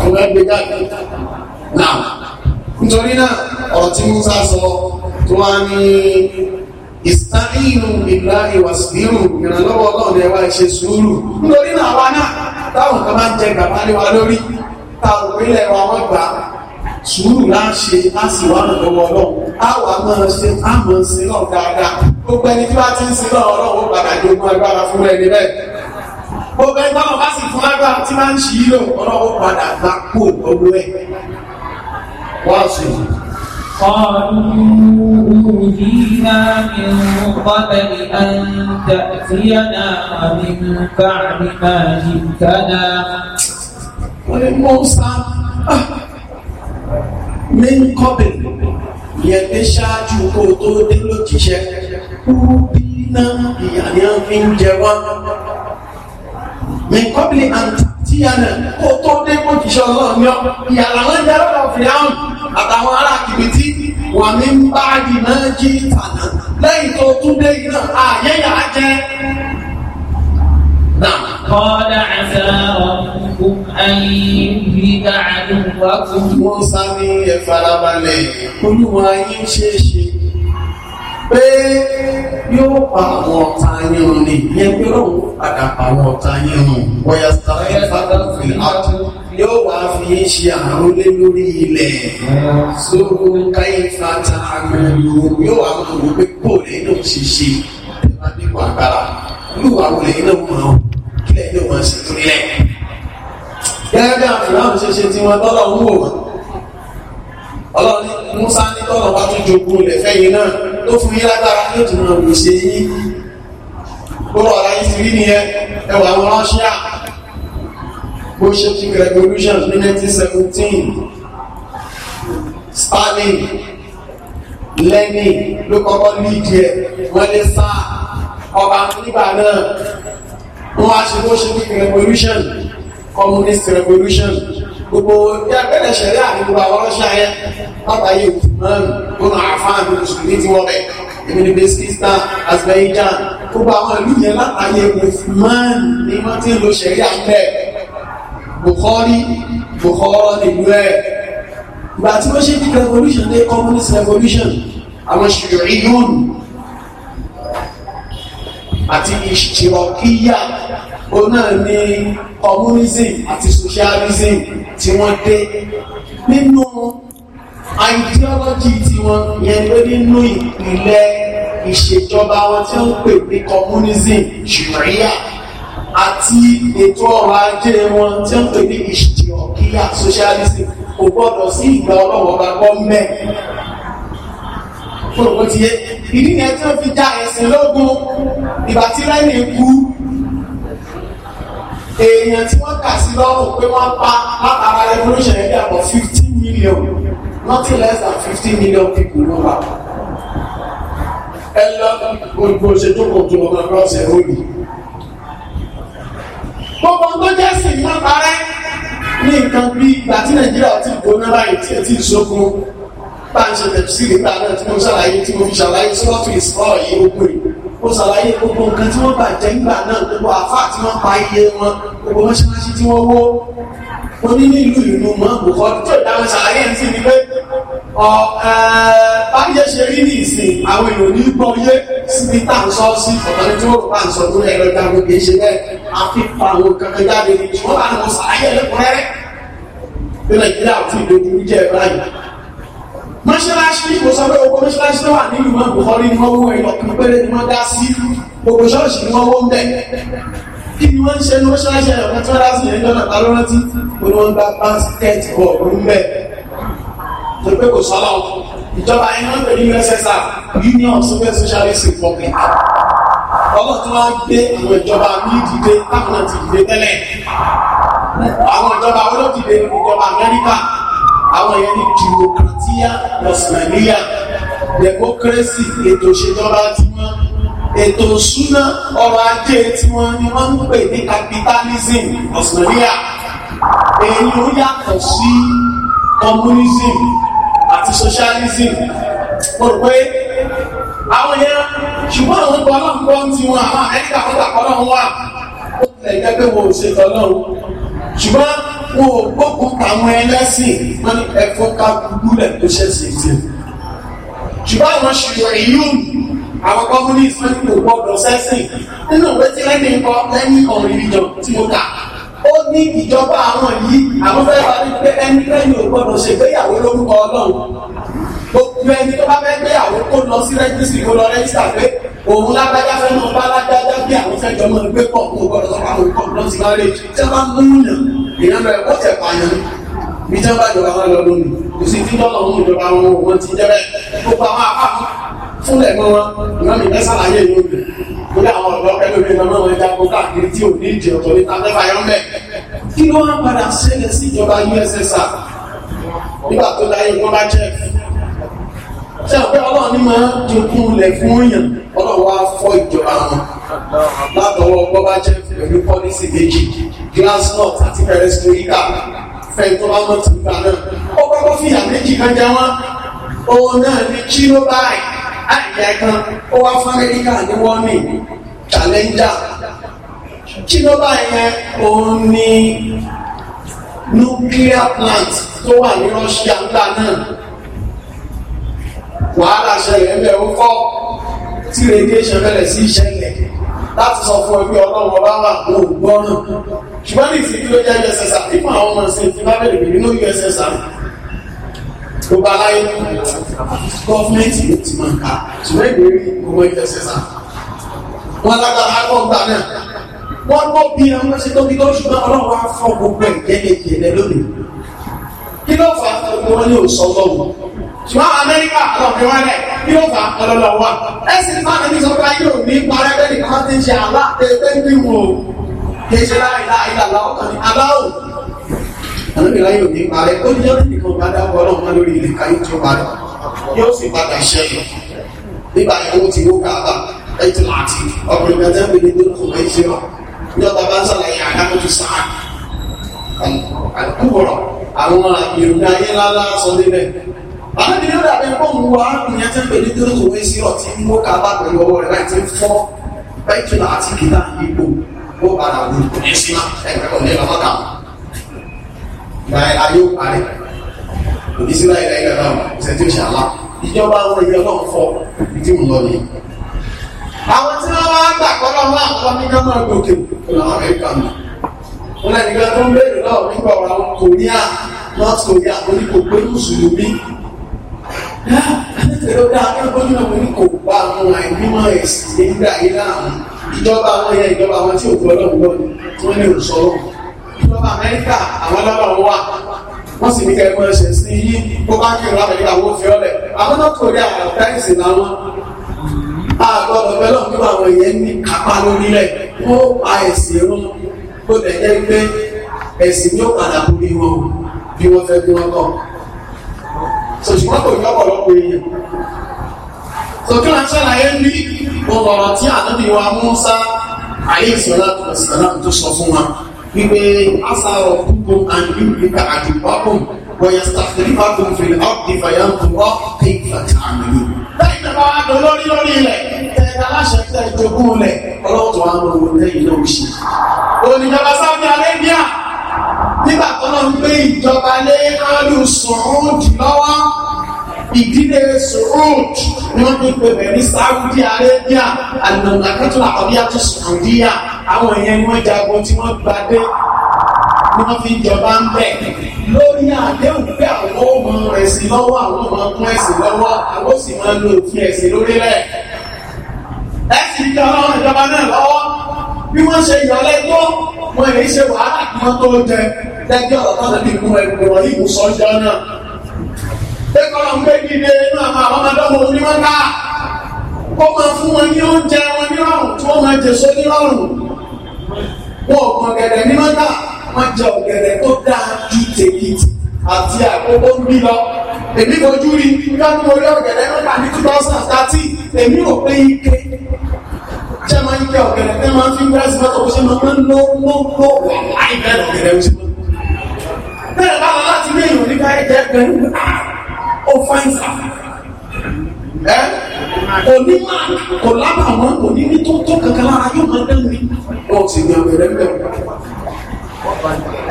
àwọn ẹgbẹ́ jáde náà nítorí náà ọ̀rọ̀ tí Musa sọ tó wá ní. ìstáìnù ìlà ìwàsílù ìrànlọ́wọ́ ọlọ́run ẹwà ìṣe sùúrù nítorí náà wa náà táwọn kan máa ń jẹ gàbá lé wa lórí táwọn ìpínlẹ̀ wa wọ́n gbà sùúrù láà ṣe á sì wá lọ́wọ́ ọlọ́run á wà máa ṣe á mọ̀ sí náà dáadáa gbogbo ẹni tí wá ti ń bá sì fún agbára tí máa ń ṣì í lò ọlọ́run padà gbá kó lọ́wọ́ ẹ̀ wá sí i. ونذيقه فيها من قبل أن تأتينا ومن بعد ما جئتنا ولموسى من قبل yẹn pé ṣáájú kó o tó dé lójíṣẹ́ kúrú bí náà ìyá ni a fi ń jẹ wá min kọ́bìlì àǹtí tí a nà kó tó dé lójíṣẹ́ ọlọ́ọ̀ni ọ ìyá làwọn jẹ́ lọ́dọ̀ fìdáhùn àtàwọn ará kìbìtì wà ní báàgì náà jí tànà lẹ́yìn tó tún dé iná ààyè yà á jẹ́. Kọ́dà àṣà ọ̀kùnkùn ayé yíká àdúgbò. Wọ́n sáré ẹ olúwa yín ṣe é ṣe pé yóò pa àwọn ọ̀tá yín run ni pé lóun padà pa àwọn ọ̀tá yín run. Wọ́n yà sáré fàdánù fìlà yóò wá fi ń ṣe àrólé lórí ilẹ̀ sóko káyífà ta agbègbè yóò wá mọ̀ wípé kò lẹ́yìn náà ṣe ṣe tẹ́lá nípa agbára olúwa wò lẹ́yìn náà mọ̀ ọ́ kí lẹ́yìn náà wọ́n ṣe torí lẹ̀. gẹ́gẹ́ bí àfihàn ṣe ṣe tí wọ́n tọ́lọ̀ ń wò wọ́n ọlọ́ni musa ní tọ́lọ̀ bá tún jogún ilẹ̀ fẹ́yìn náà ló fún yín lágbára ní òtún náà kò ṣe yín gbọ́dọ̀ ọ̀la yín ti rí nìyẹn ẹwà wọn ránṣẹ́ à Bolshevik revolution in 1917 Stalin Lenin ló kọ́kọ́ líìdì ẹ̀ wọ́n lé sáà ọba nígbà náà wọ́n á ṣe Bolshevik revolution communist revolution gbogbo yàgbẹ́lẹ̀ ṣẹlẹ̀ àdúgbò àwọn ọlọ́ṣà yẹn bàbá yìí òtún mọ́rin tó máa fáà ní mùsùlùmí ti wọ́n bẹ̀ èmi ni bẹ́síkítà Azerbaijan gbogbo àwọn ìlú yẹn látàyè òtún mọ́rin ni wọ́n ti ń lo ṣẹlẹ̀ àgbẹ̀ Bukhari Bukhara nìlú ẹ̀ ìgbà tí wọ́n ṣe bí revolution dé communist revolution àwọn ṣùgbọ́n ìyún àti ìṣìrọ̀kíyà ó náà ní communism àti socialism tí wọ́n dé nínú ideology tí wọ́n yẹn pé nínú ìpìlẹ̀ ìṣèjọba wọn tí wọ́n pè ní communism ṣùgbọ́n àti ètò ọrọ̀ ajé wọn tí ó ń pè ní ìṣìṣẹ́ ọ̀kíyà socialism kò gbọ́dọ̀ sí ìgbà ọlọ́wọ́ bá gbọ́ mẹ́ fòròkó ti yé ìdí yẹn tí ó fi já ẹ̀sìn lógún ìgbà tí lẹ́yìn ikú èèyàn tí wọ́n kà sí lọ́rùn pé wọ́n pa látara revolution yẹn dàbọ̀ fifteen million nothing less than fifteen million people ló wà ẹ lọ gbogbo ṣètò kòtò ọmọ ọgbà ọsẹ òyìnbó gbogbo tó jẹ́ sí iná parẹ́ ní nǹkan bí ìgbà tí nàìjíríà ti gbóná báyìí tí ẹ ti ṣogun bá ń ṣe tẹ̀sí nígbà náà tí mo ṣàlàyé tí mo fi ṣàlàyé sọ́ọ̀tù ìsọ́ yìí ó pè ó ṣàlàyé gbogbo nǹkan tí wọ́n bàjẹ́ nígbà náà gbogbo àfáà tí wọ́n pa iye wọn gbogbo mọ́ṣáláṣí tí wọ́n wó onílù ìlú mọ́ bùkọ́ tó ìdáhùn ṣàlàyé ẹ̀ sí ni pé báyẹ̀ ṣe rí ní ìsìn àwọn èèyàn ní gbọ́ yé síbi tá à ń sọ sí ọ̀tọ̀ni tí wọ́n bá ń sọ tó ẹ̀rọ ìdáhùn kì í ṣe bẹ́ẹ̀ àfihàn àwọn kankan jáde ní ṣùgbọ́n bá ní mo ṣàlàyé lẹ́kùnrẹ́rẹ́ bí nàìjíríà fún ìdójú jẹ́ báyìí mọ́ṣáláṣí kò sọ pé owó mọ́ṣáláṣí tó wà nílùú mọ́ bùkọ́ rí ni wọ́n wọ́ ẹ̀yọ̀ kí péré ni wọ́n dá sí gbogbo ṣọ́ọ̀ṣì ni wọ́n wọ́ ń bẹ́ẹ̀ kí ni wọ́n ń ṣe ní wọ́n ṣáṣẹ́ ẹ̀kọ́ tí wọ́n dá sí ẹ̀yìn lọ́nà ta ló rántí pé wọ́n gba basket ball ń bẹ̀ tó pé kò sọ́lá ìjọba ẹni wọ́n pè ní USSR Union Super Socialist Republic ọlọ́run tí wọ́n gbé àwọn ìjọba ní dìde táwọn náà ti dìde tẹ́lẹ̀ àwọn ìjọba olódìde ìjọba Amẹ́ríkà àwọn yẹn ní democratia osmania democracy ètò ìṣèjọba tí wọ́n ètò ìṣúná ọrọ̀ ajé tiwọn ni wọ́n ń pè ní capitalism ọ̀sánríà èyí ó yàtọ̀ sí communism àti socialism mo rò pé àwọn yẹn ṣùgbọ́n àwọn ọgbọ́n náà ń gbọ́ ti wọn àwọn amẹ́ríkà tó dàpọ̀ náà wà ó tẹ̀ jẹ́ pé wọn ò ṣe tọ́ ṣùgbọ́n wọn ò gbógun táwọn ẹlẹ́sìn wọn ni ẹ̀fọ́ ká gbúgbúlẹ̀ tó ṣẹ̀ṣẹ̀ ṣe ṣùgbọ́n àwọn ṣùgbọ́n ìlú mi àwọn gọ́mọ́nì ìsìnkú gbọ́dọ̀ sẹ́sìn nínú ìwé tí lẹ́nu ikọ̀ lẹ́nu ikọ̀ ìrìnjọ tí mo kà ó ní ìjọba àwọn yìí àwọn fẹ́ wà ní pé ẹni lẹ́yìn ò gbọ́dọ̀ ṣègbéyàwó lórúkọ ọlọ́run gbogbo ẹni tó bá fẹ́ gbéyàwó kó lọ sí rẹ́jísì kó lọ rẹ́jísà pé òun lágbájá fẹ́ mọ bá lágbájá bí àwọn fẹ́ jọmọ gbé pọ̀ kó gbọ́dọ̀ sọ àwọn ìkọ̀ lọ sí lọ́rẹ́ tí wọ́n bá mú yàn ìyànbẹ̀ ó tẹ̀ pààyàn ìjọba ìjọba wọn lọ lónìí kò sí tí lọ́nà òun ìjọba wọn ò wọ́n ti jẹ́ bẹ́ẹ̀ gbogbo àwọn àpapọ̀ fúnlẹ̀ mọ́ wọn ìwọ́n mi mẹ́sàn láyé ní òbí ó dá àwọn ọ̀dọ́ ẹlòmí náà máa ń jagun káàkiri tí ò ní ìdí ọ̀tọ̀ ní tàbẹ́fà yọ̀ mẹ́. kí ló wá padà ṣẹlẹ̀ sí ìjọba USSR nígbà tó láyé wọn bá jẹ́ ṣe àpẹ ọlọ́run ní máa jogún lẹ̀ fún èèyàn ọlọ́run wá fọ́ ìjọba wọn látọwọ́ ọgbọ́n bá jẹ́ pẹ̀lú pọ́lísì méjì glasnost àti perestroika fẹ́ẹ́ náà ó kọ́kọ́ fìyà báyìí ìyá kan ó wá fún amẹ́ríkà ní wọ́ọ̀mì challenger kí ló bá yẹn òun ni nuclear plant tó wà ní Russia ńlá náà wàhálà ṣẹlẹ̀ ẹ̀mẹ́ ó kọ́ tí radiation bẹ̀rẹ̀ sí ìṣẹ̀lẹ̀ láti sọ fún ẹgbẹ́ ọlọ́run ọba wà ní ògbọ́n náà ṣùgbọ́n ní ìsìnkú ló jẹ́ USSR nípa àwọn ọmọ ìsìnkú bá bẹ̀rẹ̀ nínú USSR ló bá láyé gọ́ọ̀mẹ́ntì ló ti máa ń ka ṣùgbọ́n ìwé rí ọmọ ilẹ̀ sẹ́sà wọn lágbára kọ́ńtà náà wọ́n gbọ́ bí ẹran ṣe tóbi tó ṣùgbọ́n ọlọ́run wá fọ́ gbogbo ẹ̀jẹ̀ kejì ẹ̀ lónìí kí ló fà á pé wọ́n yóò sọ lọ́wọ́ ṣùgbọ́n amẹ́ríkà ọ̀gbìn wọn rẹ̀ kí ló fà á ọlọ́lọ́ wa ẹ̀sìn fún àmì sọ́kà yóò ní parẹ́ bẹ́ẹ̀ ni kí ti ń ṣe àlá àti àlóbi láyé òní parẹ́ ó ní ọdún nìkan bá dáwọ́ ọlọ́run mọ́ lórí ilé káyé tó padà yóò sì padà ṣẹlẹ̀ nígbà ìwọ ti wó káàbà ẹtì láti ọkùnrin kan tẹ́lẹ̀ ní dókò méjì rọ níjọba bá ń sàlàyé àdámọ́tò sáà àkúbọ̀rọ̀ àwọn ìròyìn ayé ńláńlá sọ níbẹ̀ alábi ló dàbí pọ́ùn wa ìyẹn tẹ́ pẹ̀lú tó lóṣù wé sí ọ̀tí ń wó káàbà pẹ̀lú ọwọ́ rẹ̀ láì tí ń fọ́ bẹ́ẹ̀kì láti kìtà ipò ó padà wù ní sílá ẹgbẹ́ kọ̀ọ̀lẹ́ lọ́mọ́ta láì ayé ó parí òní sí láì láì náà kò tí ó ṣe àlá ìjọba àwọn èèyàn náà fọ tí mo lọ nìyí. àwọn tí wọ́n wá gbà kọ́lọ́ máa kọ́ ní ká máa gòkè kọ́lọ́ amẹ́ríkà mi. wọn lẹ́nu ìgbà tó ń béèrè náà nípa ọ̀rọ̀ àwọn Korea North Korea oníkò pé mùsùlùmí. ẹnìtẹ̀lẹ́ ó dáa kẹ́kọ̀ọ́ ní àwọn oníkò bá àwọn àìnímọ̀ ẹ̀sìn nígbà yìí láàmú ìjọba àwọn ẹ̀yà ìjọba àwọn tí òkú ìjọba amẹ́ríkà àwọn lọ́dọ̀ wà wọ́n sì ní kẹ́ ẹgbẹ́ ṣe sí yí kó bá kí ìrọ̀ amẹ́ríkà wọ́n fi ọlẹ̀ àwọn náà kò rí àwọn táìsì làwọn àgbọ̀dọ̀ pẹ̀lú ọ̀gbìn àwọn èèyàn ní kápá lórílẹ̀ wọ́n pa ẹ̀sìn wọn kó lè jẹ́ pé ẹ̀sìn ní ó padà borí wọn bí wọ́n fẹ́ bí wọ́n kọ̀ ṣùgbọ́n kò ní ọ̀pọ̀lọpọ̀ èèyàn sọ̀tún àṣàlàyé ní ọ̀rọ̀ tí ànábì wa Mùsá àyè ìṣọ́lá tó sọ̀rọ̀ tó sọ fún wa wípé asa ọ̀kúkún àdúgbò àdìpọ́kùn wọ̀nyẹ sàfẹ́lífàkùn fìlẹ̀ ọ̀dìfàyàntò ọ̀kẹ́ ìfàtà àmìlú. lẹ́yìn tó bá wà dùn lórí lórí ilẹ̀ tẹ̀ka aláṣẹ tẹ̀ jogún lẹ̀ ọlọ́tọ̀ àwọn ọmọ lẹ́yìn náà ṣe. nígbà tó náà ń gbé ìjọba lé alùsùn òdì lọ́wọ́ ìdílé surut ni wọ́n ti pè bẹ̀ ní Saudi Arabia àlùmọ̀lákàtúrà ọ̀bíyá tó sùkúndíyà àwọn ìyẹn ni wọ́n jagun tí wọ́n gbadé ni wọ́n fi jọba ń bẹ̀ lórí àdéhùn pé àwọn ọmọ ẹ̀sìn lọ́wọ́ àwọn ọmọ ọkùn ẹ̀sìn lọ́wọ́ àwọn sì máa lo òfin ẹ̀sìn lórí rẹ̀ ẹ̀sìn ìjọba ọlọ́run ìjọba náà lọ́wọ́ bí wọ́n ṣe yọlẹ́ tó wọ́n èyí ṣe wàhálà kí wọ́n tó jẹ lẹ́jọ́ ọ̀tọ́ pé kọ́lọ̀ ń gbé dìde inú àwọn ọmọdọ́mọ onímọ́ta ó máa fún wọn ní oúnjẹ wọn nírọ̀rùn tí wọ́n máa jèso nírọ̀rùn wọn ò kàn gẹ̀dẹ̀ nímọ́ta wọ́n jẹ ọ̀gẹ̀dẹ̀ tó dáa ju tèkìtì àti àkókò ń bí lọ èmi fojú rí káàkiri orí ọ̀gẹ̀dẹ̀ nípa ní two thousand thirteen èmi ò pé ike ṣé máa ń jẹ ọ̀gẹ̀dẹ̀ tẹ́ máa ń fi gbẹ́sì mọ́tò ṣé máa ń lọ lọ́wọ́ wà láì bẹ́ẹ̀ lọ́gẹ̀dẹ̀ ó ṣe mọ́ bẹ́ẹ̀ báwa láti ní ìròyìn ká ẹ̀jẹ̀ gbẹ̀rún ó fáyín fà ẹ́ kò ní máa kò lábàá wọn kò ní ní tó tó kankan lára yóò máa dẹ́nu ní wọn ò sì ní abẹ́rẹ́ mẹ́wàá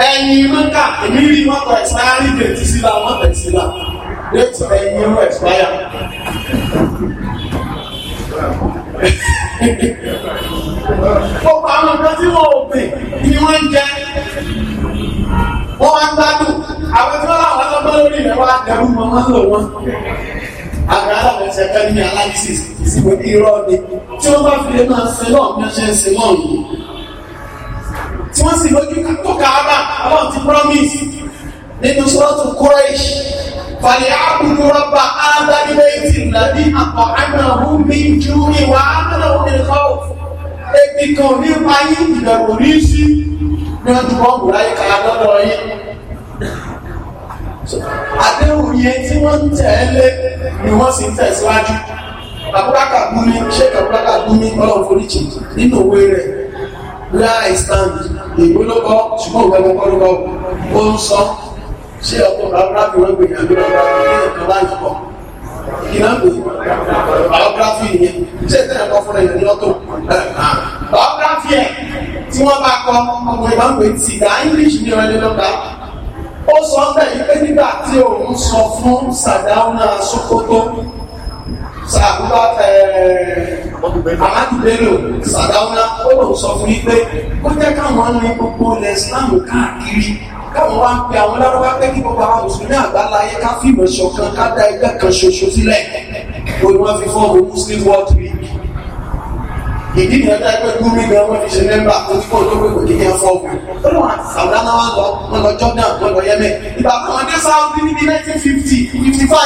ẹ̀yin mẹ́ta èmi rí mọ́tò ẹ̀sáyárì dèjì sílá mọ́tò ẹ̀sílá dèjì ẹ̀yin ẹ̀rọ ẹ̀sáyà. Gbogbo àwọn nǹkan tí wọ́n ò pè ni wọ́n ń jẹ. Wọ́n wá gbádùn àwọn tí wọ́n láwọn tó bá lórí rẹ̀ wá dẹ̀rù mọ́ wọ́n lò wọ́n. àgbàlá rẹ̀ ṣe fẹ́ ní analysis ìsìnkú ní irọ́ ni tí wọ́n bá fi lè máa ṣe lọ́ọ̀ ní ọṣẹ ṣe lọ́ọ̀ yìí. tí wọ́n sì lójú tó kàábà ọlọ́run ti promise nínú sọ́ọ̀tù kúrẹ́ṣì fàlẹ́ àbùdù rọ́bà ádàbílẹ̀ ìtì nàbí àpọ̀ àgbàhùn mi ju ìwà àgbàhùn mi kọ́ ebi kan nípa yín ìbẹ̀rù ní sí ní ọdún ọgbùn láyé kàá lọ́dọ̀ yín àdéhùn yẹn tí wọ́n ń tẹ̀lé ni wọ́n sì ń tẹ̀síwájú àbúrákà gúnmi ṣẹ́kẹ̀ àbúrákà gúnmi ọlọ́run foríjì nínú òwe rẹ̀ láìstand èyí ló kọ́ ṣùgbọ́n òwe ẹgbẹ́ kọ́ ló kọ́ ó ń sọ ṣé ọkọ̀ biography wọ́n gbé ìyàgbé ọ̀gá ìyẹn bá ń kọ́ ìnáwó biography yẹn ṣé ìtẹ́ ẹ̀kọ́ fún ẹ̀yàn ní ọ̀tọ̀ biography ẹ̀ tí wọ́n bá kọ́ ọmọ ìbámu ti dá English ní ọ̀rẹ́lẹ́lọ́gbà ó sọ bẹ́ẹ̀ yìí pé nígbà tí òun sọ fún sàdáúnà Sókótó sàbúbà amadubelo eh, sàdáúnà ó lòun sọ fún yìí pé ó jẹ́ káwọn ní gbogbo ilẹ̀ Islam káàkiri káwọn wá ń pe àwọn lárúbá pé kí gbogbo àwọn mùsùlùmí àgbáláyé ká fìmọ̀ ṣọ̀kan ká dá ẹgbẹ́ kan ṣoṣo sílẹ̀ òun wọn fi fọ́ọ̀mù Muslim World ìdí ìyẹn tẹ́ pé gúrí gan wọ́n fi ṣe mẹ́mbà tó ti kó olóògbé kò kíkẹ́ fọ́ọ̀kù ó lọ́wọ́ àti sàwùdá náà wá lọ wọ́n lọ Jordan wọ́n lọ Yemen ìgbà kan dé Saudi níbi 1950 55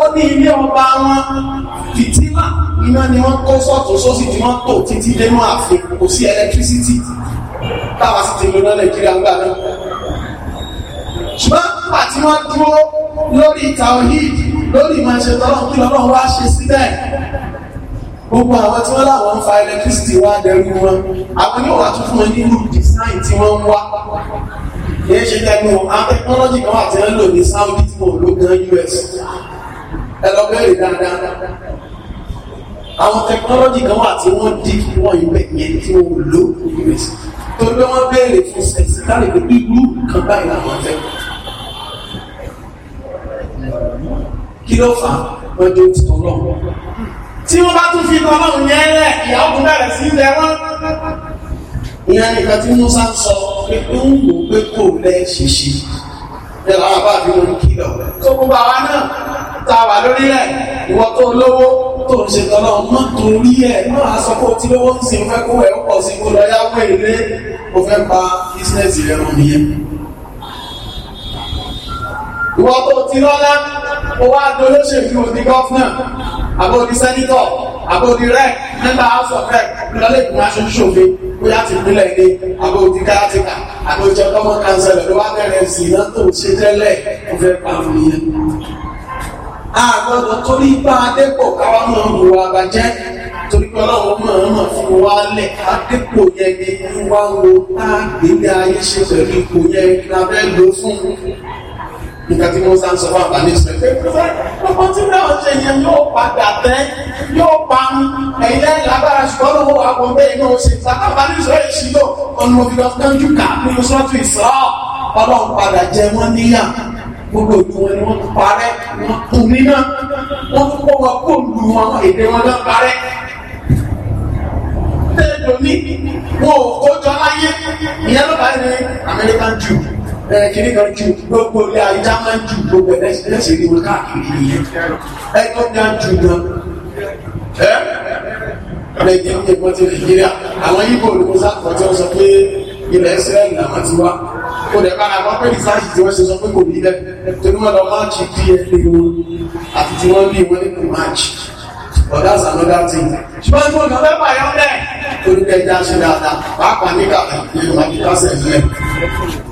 ó ní ilé ọba wọn fìtílà iná ni wọ́n kó sọ́ọ̀tún sósì tí wọ́n tò títí dénú ààfin kò sí ẹlẹtírísítì táwa sì ti lọ náà Nàìjíríà ń gbà náà ṣùgbọ́n àti wọ́n dúró lórí tawhid lórí ìmọ̀ ìṣètọ́lọ́ gbogbo àwọn tí wọ́n láwọn ń fa electricity wá dẹrú wọn àwọn yóò wá tún fún wọn nínú design tí wọ́n ń wá yẹn ṣe tẹnu àwọn technology kan wà tí wọ́n lò ní Saudi tí wọ́n lò gan US ẹ lọ bẹ̀rẹ̀ dáadáa àwọn technology kan wà tí wọ́n di wọ́n ibẹ̀ yẹn tí wọ́n lò ní US torí pé wọ́n béèrè fún sẹ́ẹ̀sì láti pé irú kan báyìí làwọn fẹ́ kí ló fà á wọ́n jó ti tọ́ lọ́wọ́ tí wọ́n bá tún fi tán ọlọ́run yẹn lẹ̀ ìyàwó kún bẹ̀rẹ̀ sí í lẹ́wọ́n. ìyá nìkan tí Musa sọ pé ó ń wò pé kò lẹ́ ṣèṣe ẹ̀rọ àbá mi ló ń kìlọ̀ tó gbogbo àwa náà tá a wà lórílẹ̀ ìwọ tó lówó tó ń ṣe tọ́lọ́ mọ́ torí ẹ̀ náà sọ pé o ti lówó ń sin fẹ́ kó ẹ̀ ń pọ̀ sí kó lọ yá wé ilé o fẹ́ pa bísíǹnẹ̀sì rẹ̀ rùn nìyẹn ìwọ tó ti lọ́lá ó wá dolóṣèlú òdi gọ́fúnà àbòdì sẹ́nítọ̀ àbòdì rẹ̀ nípa house of rec lọ́lẹ̀ ìgbìmọ̀ aṣojú ṣòfin bóyá ti ìpínlẹ̀ èdè àbòdì káyátìkà àbòjọ kọ́mọ kanṣẹ́lẹ̀ ló wá bẹ̀rẹ̀ sí iná tó ń ṣe tẹ́lẹ̀ ó fẹ́ pa àwọn yẹn. àgbọ̀dọ̀ torí bá adépò káwá mọ̀ ń wọ àbàjẹ́ torí pé ọlọ́run mọ̀ ń mọ̀ fún wa lẹ̀ adépò yẹn ni wá wo tá àgbélé ayé ṣe pẹ̀lú ipò yẹn nǹkan tí musa ń sọ fún àbáni sọ pé gbogbo tí wọn ṣe yẹn yóò padà tẹ yóò pa ẹyin lágbára ṣùgbọ́n lówó àwọn bẹ́ẹ̀ náà ṣe sàkà àbáni sọ èyí sí lò ọ̀nà òfìdọ̀ kánjú nínú sọ́ọ̀tù ìsọ́ ọlọ́run padà jẹ wọ́n níyà gbogbo ìlú wọn ni wọ́n ti parẹ́ wọ́n kún níná wọ́n tún kọ́ wọn kó lu wọn èdè wọn náà parẹ́ tẹ́lẹ̀ lómi wọn ò kó jọ láyé ìyẹn ló kìnnì kan ju gbogbo ilé ayé já máa ń ju gbogbo ẹ̀ lẹ́sìn ìdíwọ́ káàkiri yìí ẹ tó ń dá ju gan ẹ ọ̀rẹ́ ìdí ẹ̀kọ́ ẹ̀kọ́ ti nàìjíríà àwọn yíbo olùkọ́sá kan tí wọ́n sọ pé ilẹ̀ israẹli làwọn ti wá kò dẹ̀ bára wọn pé rìsáàsì tí wọ́n ṣe sọ pé kò ní lẹ̀ torí wọn lọ máàcì pfa wọn àti tí wọ́n bí wọn ní kò máàcì but that's another thing ṣùgbọ́n tí wọn kàn fẹ́ pààyàn lẹ̀ torípé já ṣe dáadáa pàápàá nígbà nínú àdìkásẹ̀ yẹn.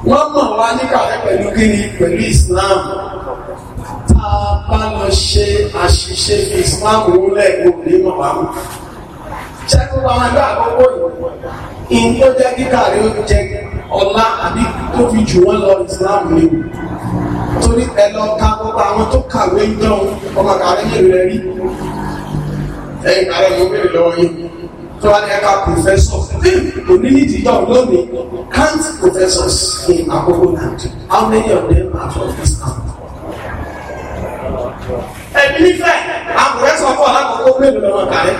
wọ́n mọ̀ wá nígbà rẹ̀ pẹ̀lú kíni pẹ̀lú Islam tá a bá lọ ṣe àṣìṣe fi Islam wúlẹ̀ òní mọ̀ wá mú. ṣẹ́gun bá wọn gbà àkókò yìí ní tó jẹ́ kíkà rí ó jẹ ọlá àbí tó fi jù wọ́n lọ Islam ni torí ẹ lọ ka gbogbo àwọn tó kàwé ń dán ọmọ kàwé yìí rẹ rí ẹ̀yìn kàwé yìí ó bèrè lọ́wọ́ yìí tó wá ní ẹ̀ka professor onídìí hmm, dọ̀ lónìí count professors in àkókò land how many of them are from this town. ẹ̀mí nífẹ̀ àpòrẹ́sọ̀ fún alákòókò mélòó lọ́wọ́ kárẹ́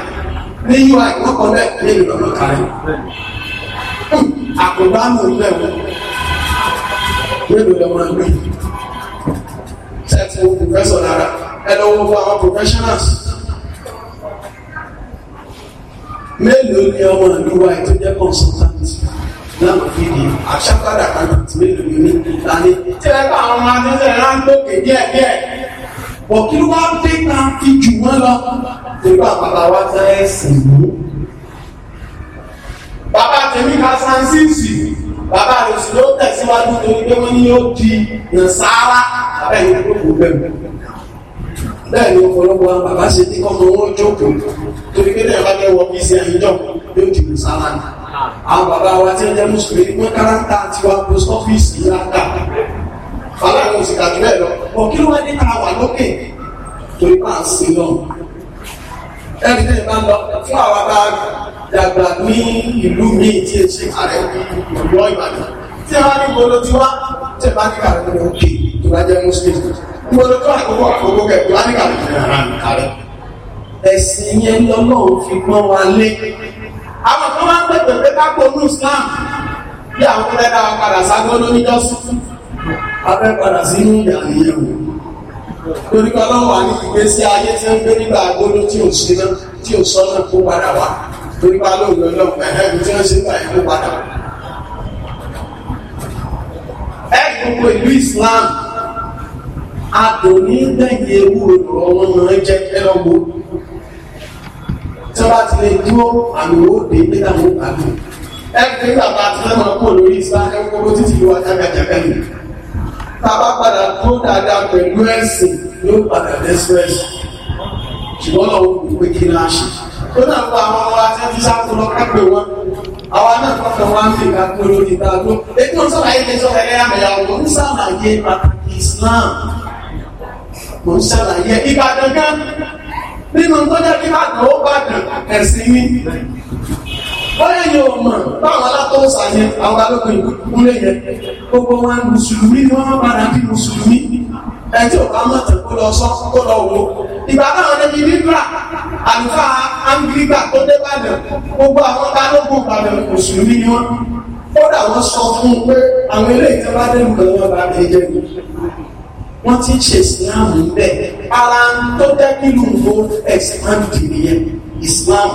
ní ui wọ́n kọ́ lẹ́ mélòó lọ́wọ́ kárẹ́ hmm, àkùnbá mò ń bẹ̀ wọ́n mélòó lọ́wọ́ ẹgbẹ́ ṣẹ́ẹ̀tì professor lára ẹ lọ́wọ́ fún àwọn professionals. mélòó ni ọmọ ìlú wa ètò jẹ́ consultant láwọn fìdí àṣàkádà accountant mélòó ni mí láti tẹ́lẹ̀ bá àwọn ọmọ adéṣẹ́ rán lókè díẹ̀ díẹ̀ bọ̀ kí ló wá dé náà fi jù wọ́n lọ nígbà bàbá wa tẹ́ ẹ̀sìn mú. bàbá tèmi ka san síìsì bàbá rẹ̀ sì ló tẹ̀síwájú torí pé wọ́n ní yóò di nàṣàrà abẹ́yẹ̀wò gbogbo bẹ́ẹ̀ bẹ́ẹ̀ ni ọ̀pọ̀lọpọ̀ bàbá ṣe ní kọ́mọ wọn jókòó torí pé náà bá fẹ́ wọ bí sí àyíjọ yóò dìbò sára ni àwọn bàbá wa tí ń jẹ́ mùsùlùmí wọ́n káràntà àti wa post office yàtà fàlànà òsì tàbí bẹ́ẹ̀ lọ bọ̀ kí ló wá ní ká wà lókè torí bá ń sin lọ ẹni tẹ́ bá lọ fún àwọn bá dàgbà ní ìlú míì tí ẹ ṣe ààrẹ ìlú Ìbàdàn tí a bá ní gbolo tiwa tí ẹ bá ní kàrẹ́ ìwọlọ́tọ́ àkókò àkókò kẹ̀kọ́ láníkà lè fi ara mi kalẹ̀. ẹ̀sìn yẹn lọ́lọ́run fi pọ́n wa lé. àwọn kan máa ń pẹ̀pẹ̀ pé ká kó Islam bí àwọn fẹ́ dá wa padà ságbọ́n lórí dọ́sùn. a fẹ́ padà sínú ìyàrá yẹn o torí pé ọlọ́run wà ní ìgbésí ayé tí ń gbé nígbà agbóná tí ò sí náà tí ò sọ náà kó padà wá torí pé alóòlù ọlọ́run ẹ̀hẹ́mi tí wọ́n ṣe a kò ní gbẹ̀yìn ewúro lọ́wọ́ máa ń jẹ́ ẹlọ́gbó tí wọ́n bá ti lè dúró àmì òde nígbà tó bá dùn ẹgbẹ́ bàbá tí wọ́n máa pọ̀ lórí ìsá ẹ̀kọ́ ló títí wá jágàjágà yìí tábà padà tó dáadáa pẹ̀lú ẹ̀sìn ló padà dẹ́sírẹ́sì ṣùgbọ́n lọ́wọ́ kò pé kí náà ṣe tó náà gba àwọn ọmọ àti ẹni sáàtò lọ kápẹ́ wọn àwa náà kọ́kọ́ wá ń fi ìka kú lórí ìta ètò sọ̀rọ̀ ayé sọ̀rọ̀ ẹ̀yà mẹ̀yà ń sàlàyé pàtàkì Islam mo ń ṣàlàyé ìbàdàn gan nínú tó jẹ́ kí bàdàn ó bàdàn ẹ̀sìn ni bọ́yẹ̀ yóò mọ̀ báwọn alátọ́sà yẹn àwọn alókùn ìkúnlẹ̀ yẹn gbogbo wọn mùsùlùmí ni wọ́n padà bí mùsùlùmí ẹjọ́ àmọ́tàn kó lọ sọ kó lọ wo ìgbà táwọn ẹni nígbà àlùfáà áńgírígbà tó dé bàdàn gbogbo àwọn balógun padà mùsùlùmí ni wọ́n kódà wọ́n sọ fún un pé àwọn ilé ìjọba dẹ́nu lọ́wọ́ bá mi jẹ́ mi wọ́n ti ń ṣe islam níbẹ̀ ara ń tó dẹ́kìlù tó expand nìyẹn islam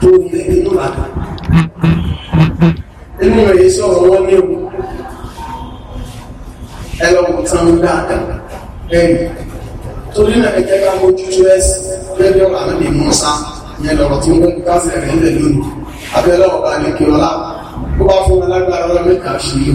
tó lè nínú àgbà. nínú èyí sọ̀rọ̀ wọ́n ní ewu ẹ lọ wò tán dáadáa ẹ̀yìn torí náà ẹ jẹ́ ká mójútó ẹ̀sìn lẹ́jọ́ àná lè mú sá ìyẹn lọ́rọ̀ tí wọ́n ń kásẹ̀ rẹ̀ ń lẹ̀ lónìí abẹ́lẹ́ ọ̀gá ni kí ọlá tó bá fún wa lágbára ọlọ́mẹ́ta sí i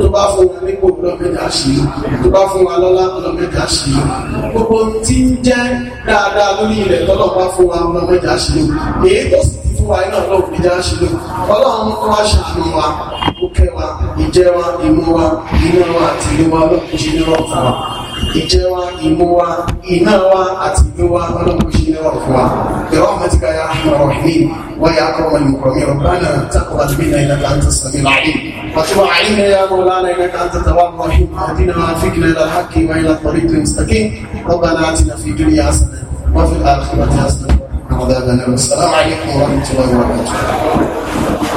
tó bá fún wa nípò ọlọ́mẹ́ta sí i tó bá fún wa lọ́lá ọlọ́mẹ́ta sí i gbogbo tí ń jẹ́ dáadáa lórí ilẹ̀ tọ́lọ̀ bá fún wa ọlọ́mẹ́ta sí i èyí tó sì fún wa iná lọ́wọ́ ìjà ṣe lò ọlọ́run tó wá ṣàánú wa ó kẹ́ ìjẹ́ wa ìmú wa iná wa àti ìlú wa lọ́kùnrin ní ọ̀fun ìjẹ wa ìmú wa iná wa àti ìlú wa ọlọ́run ṣe lẹ́wọ̀ fún wa ìrọ̀ àmọ́tíkà ya rahim wa ya akọ̀wọ̀n ìmọ̀kọ̀mí rọ̀bánà takọ̀wà bíná ń tẹ̀sán láàyè وتب علينا يا مولانا انك انت التواب الرحيم اهدنا وافقنا الى الحق والى الطريق المستقيم ربنا اتنا في الدنيا حسنه وفي الاخره حسنه وقنا عذاب النار عليكم ورحمه الله وبركاته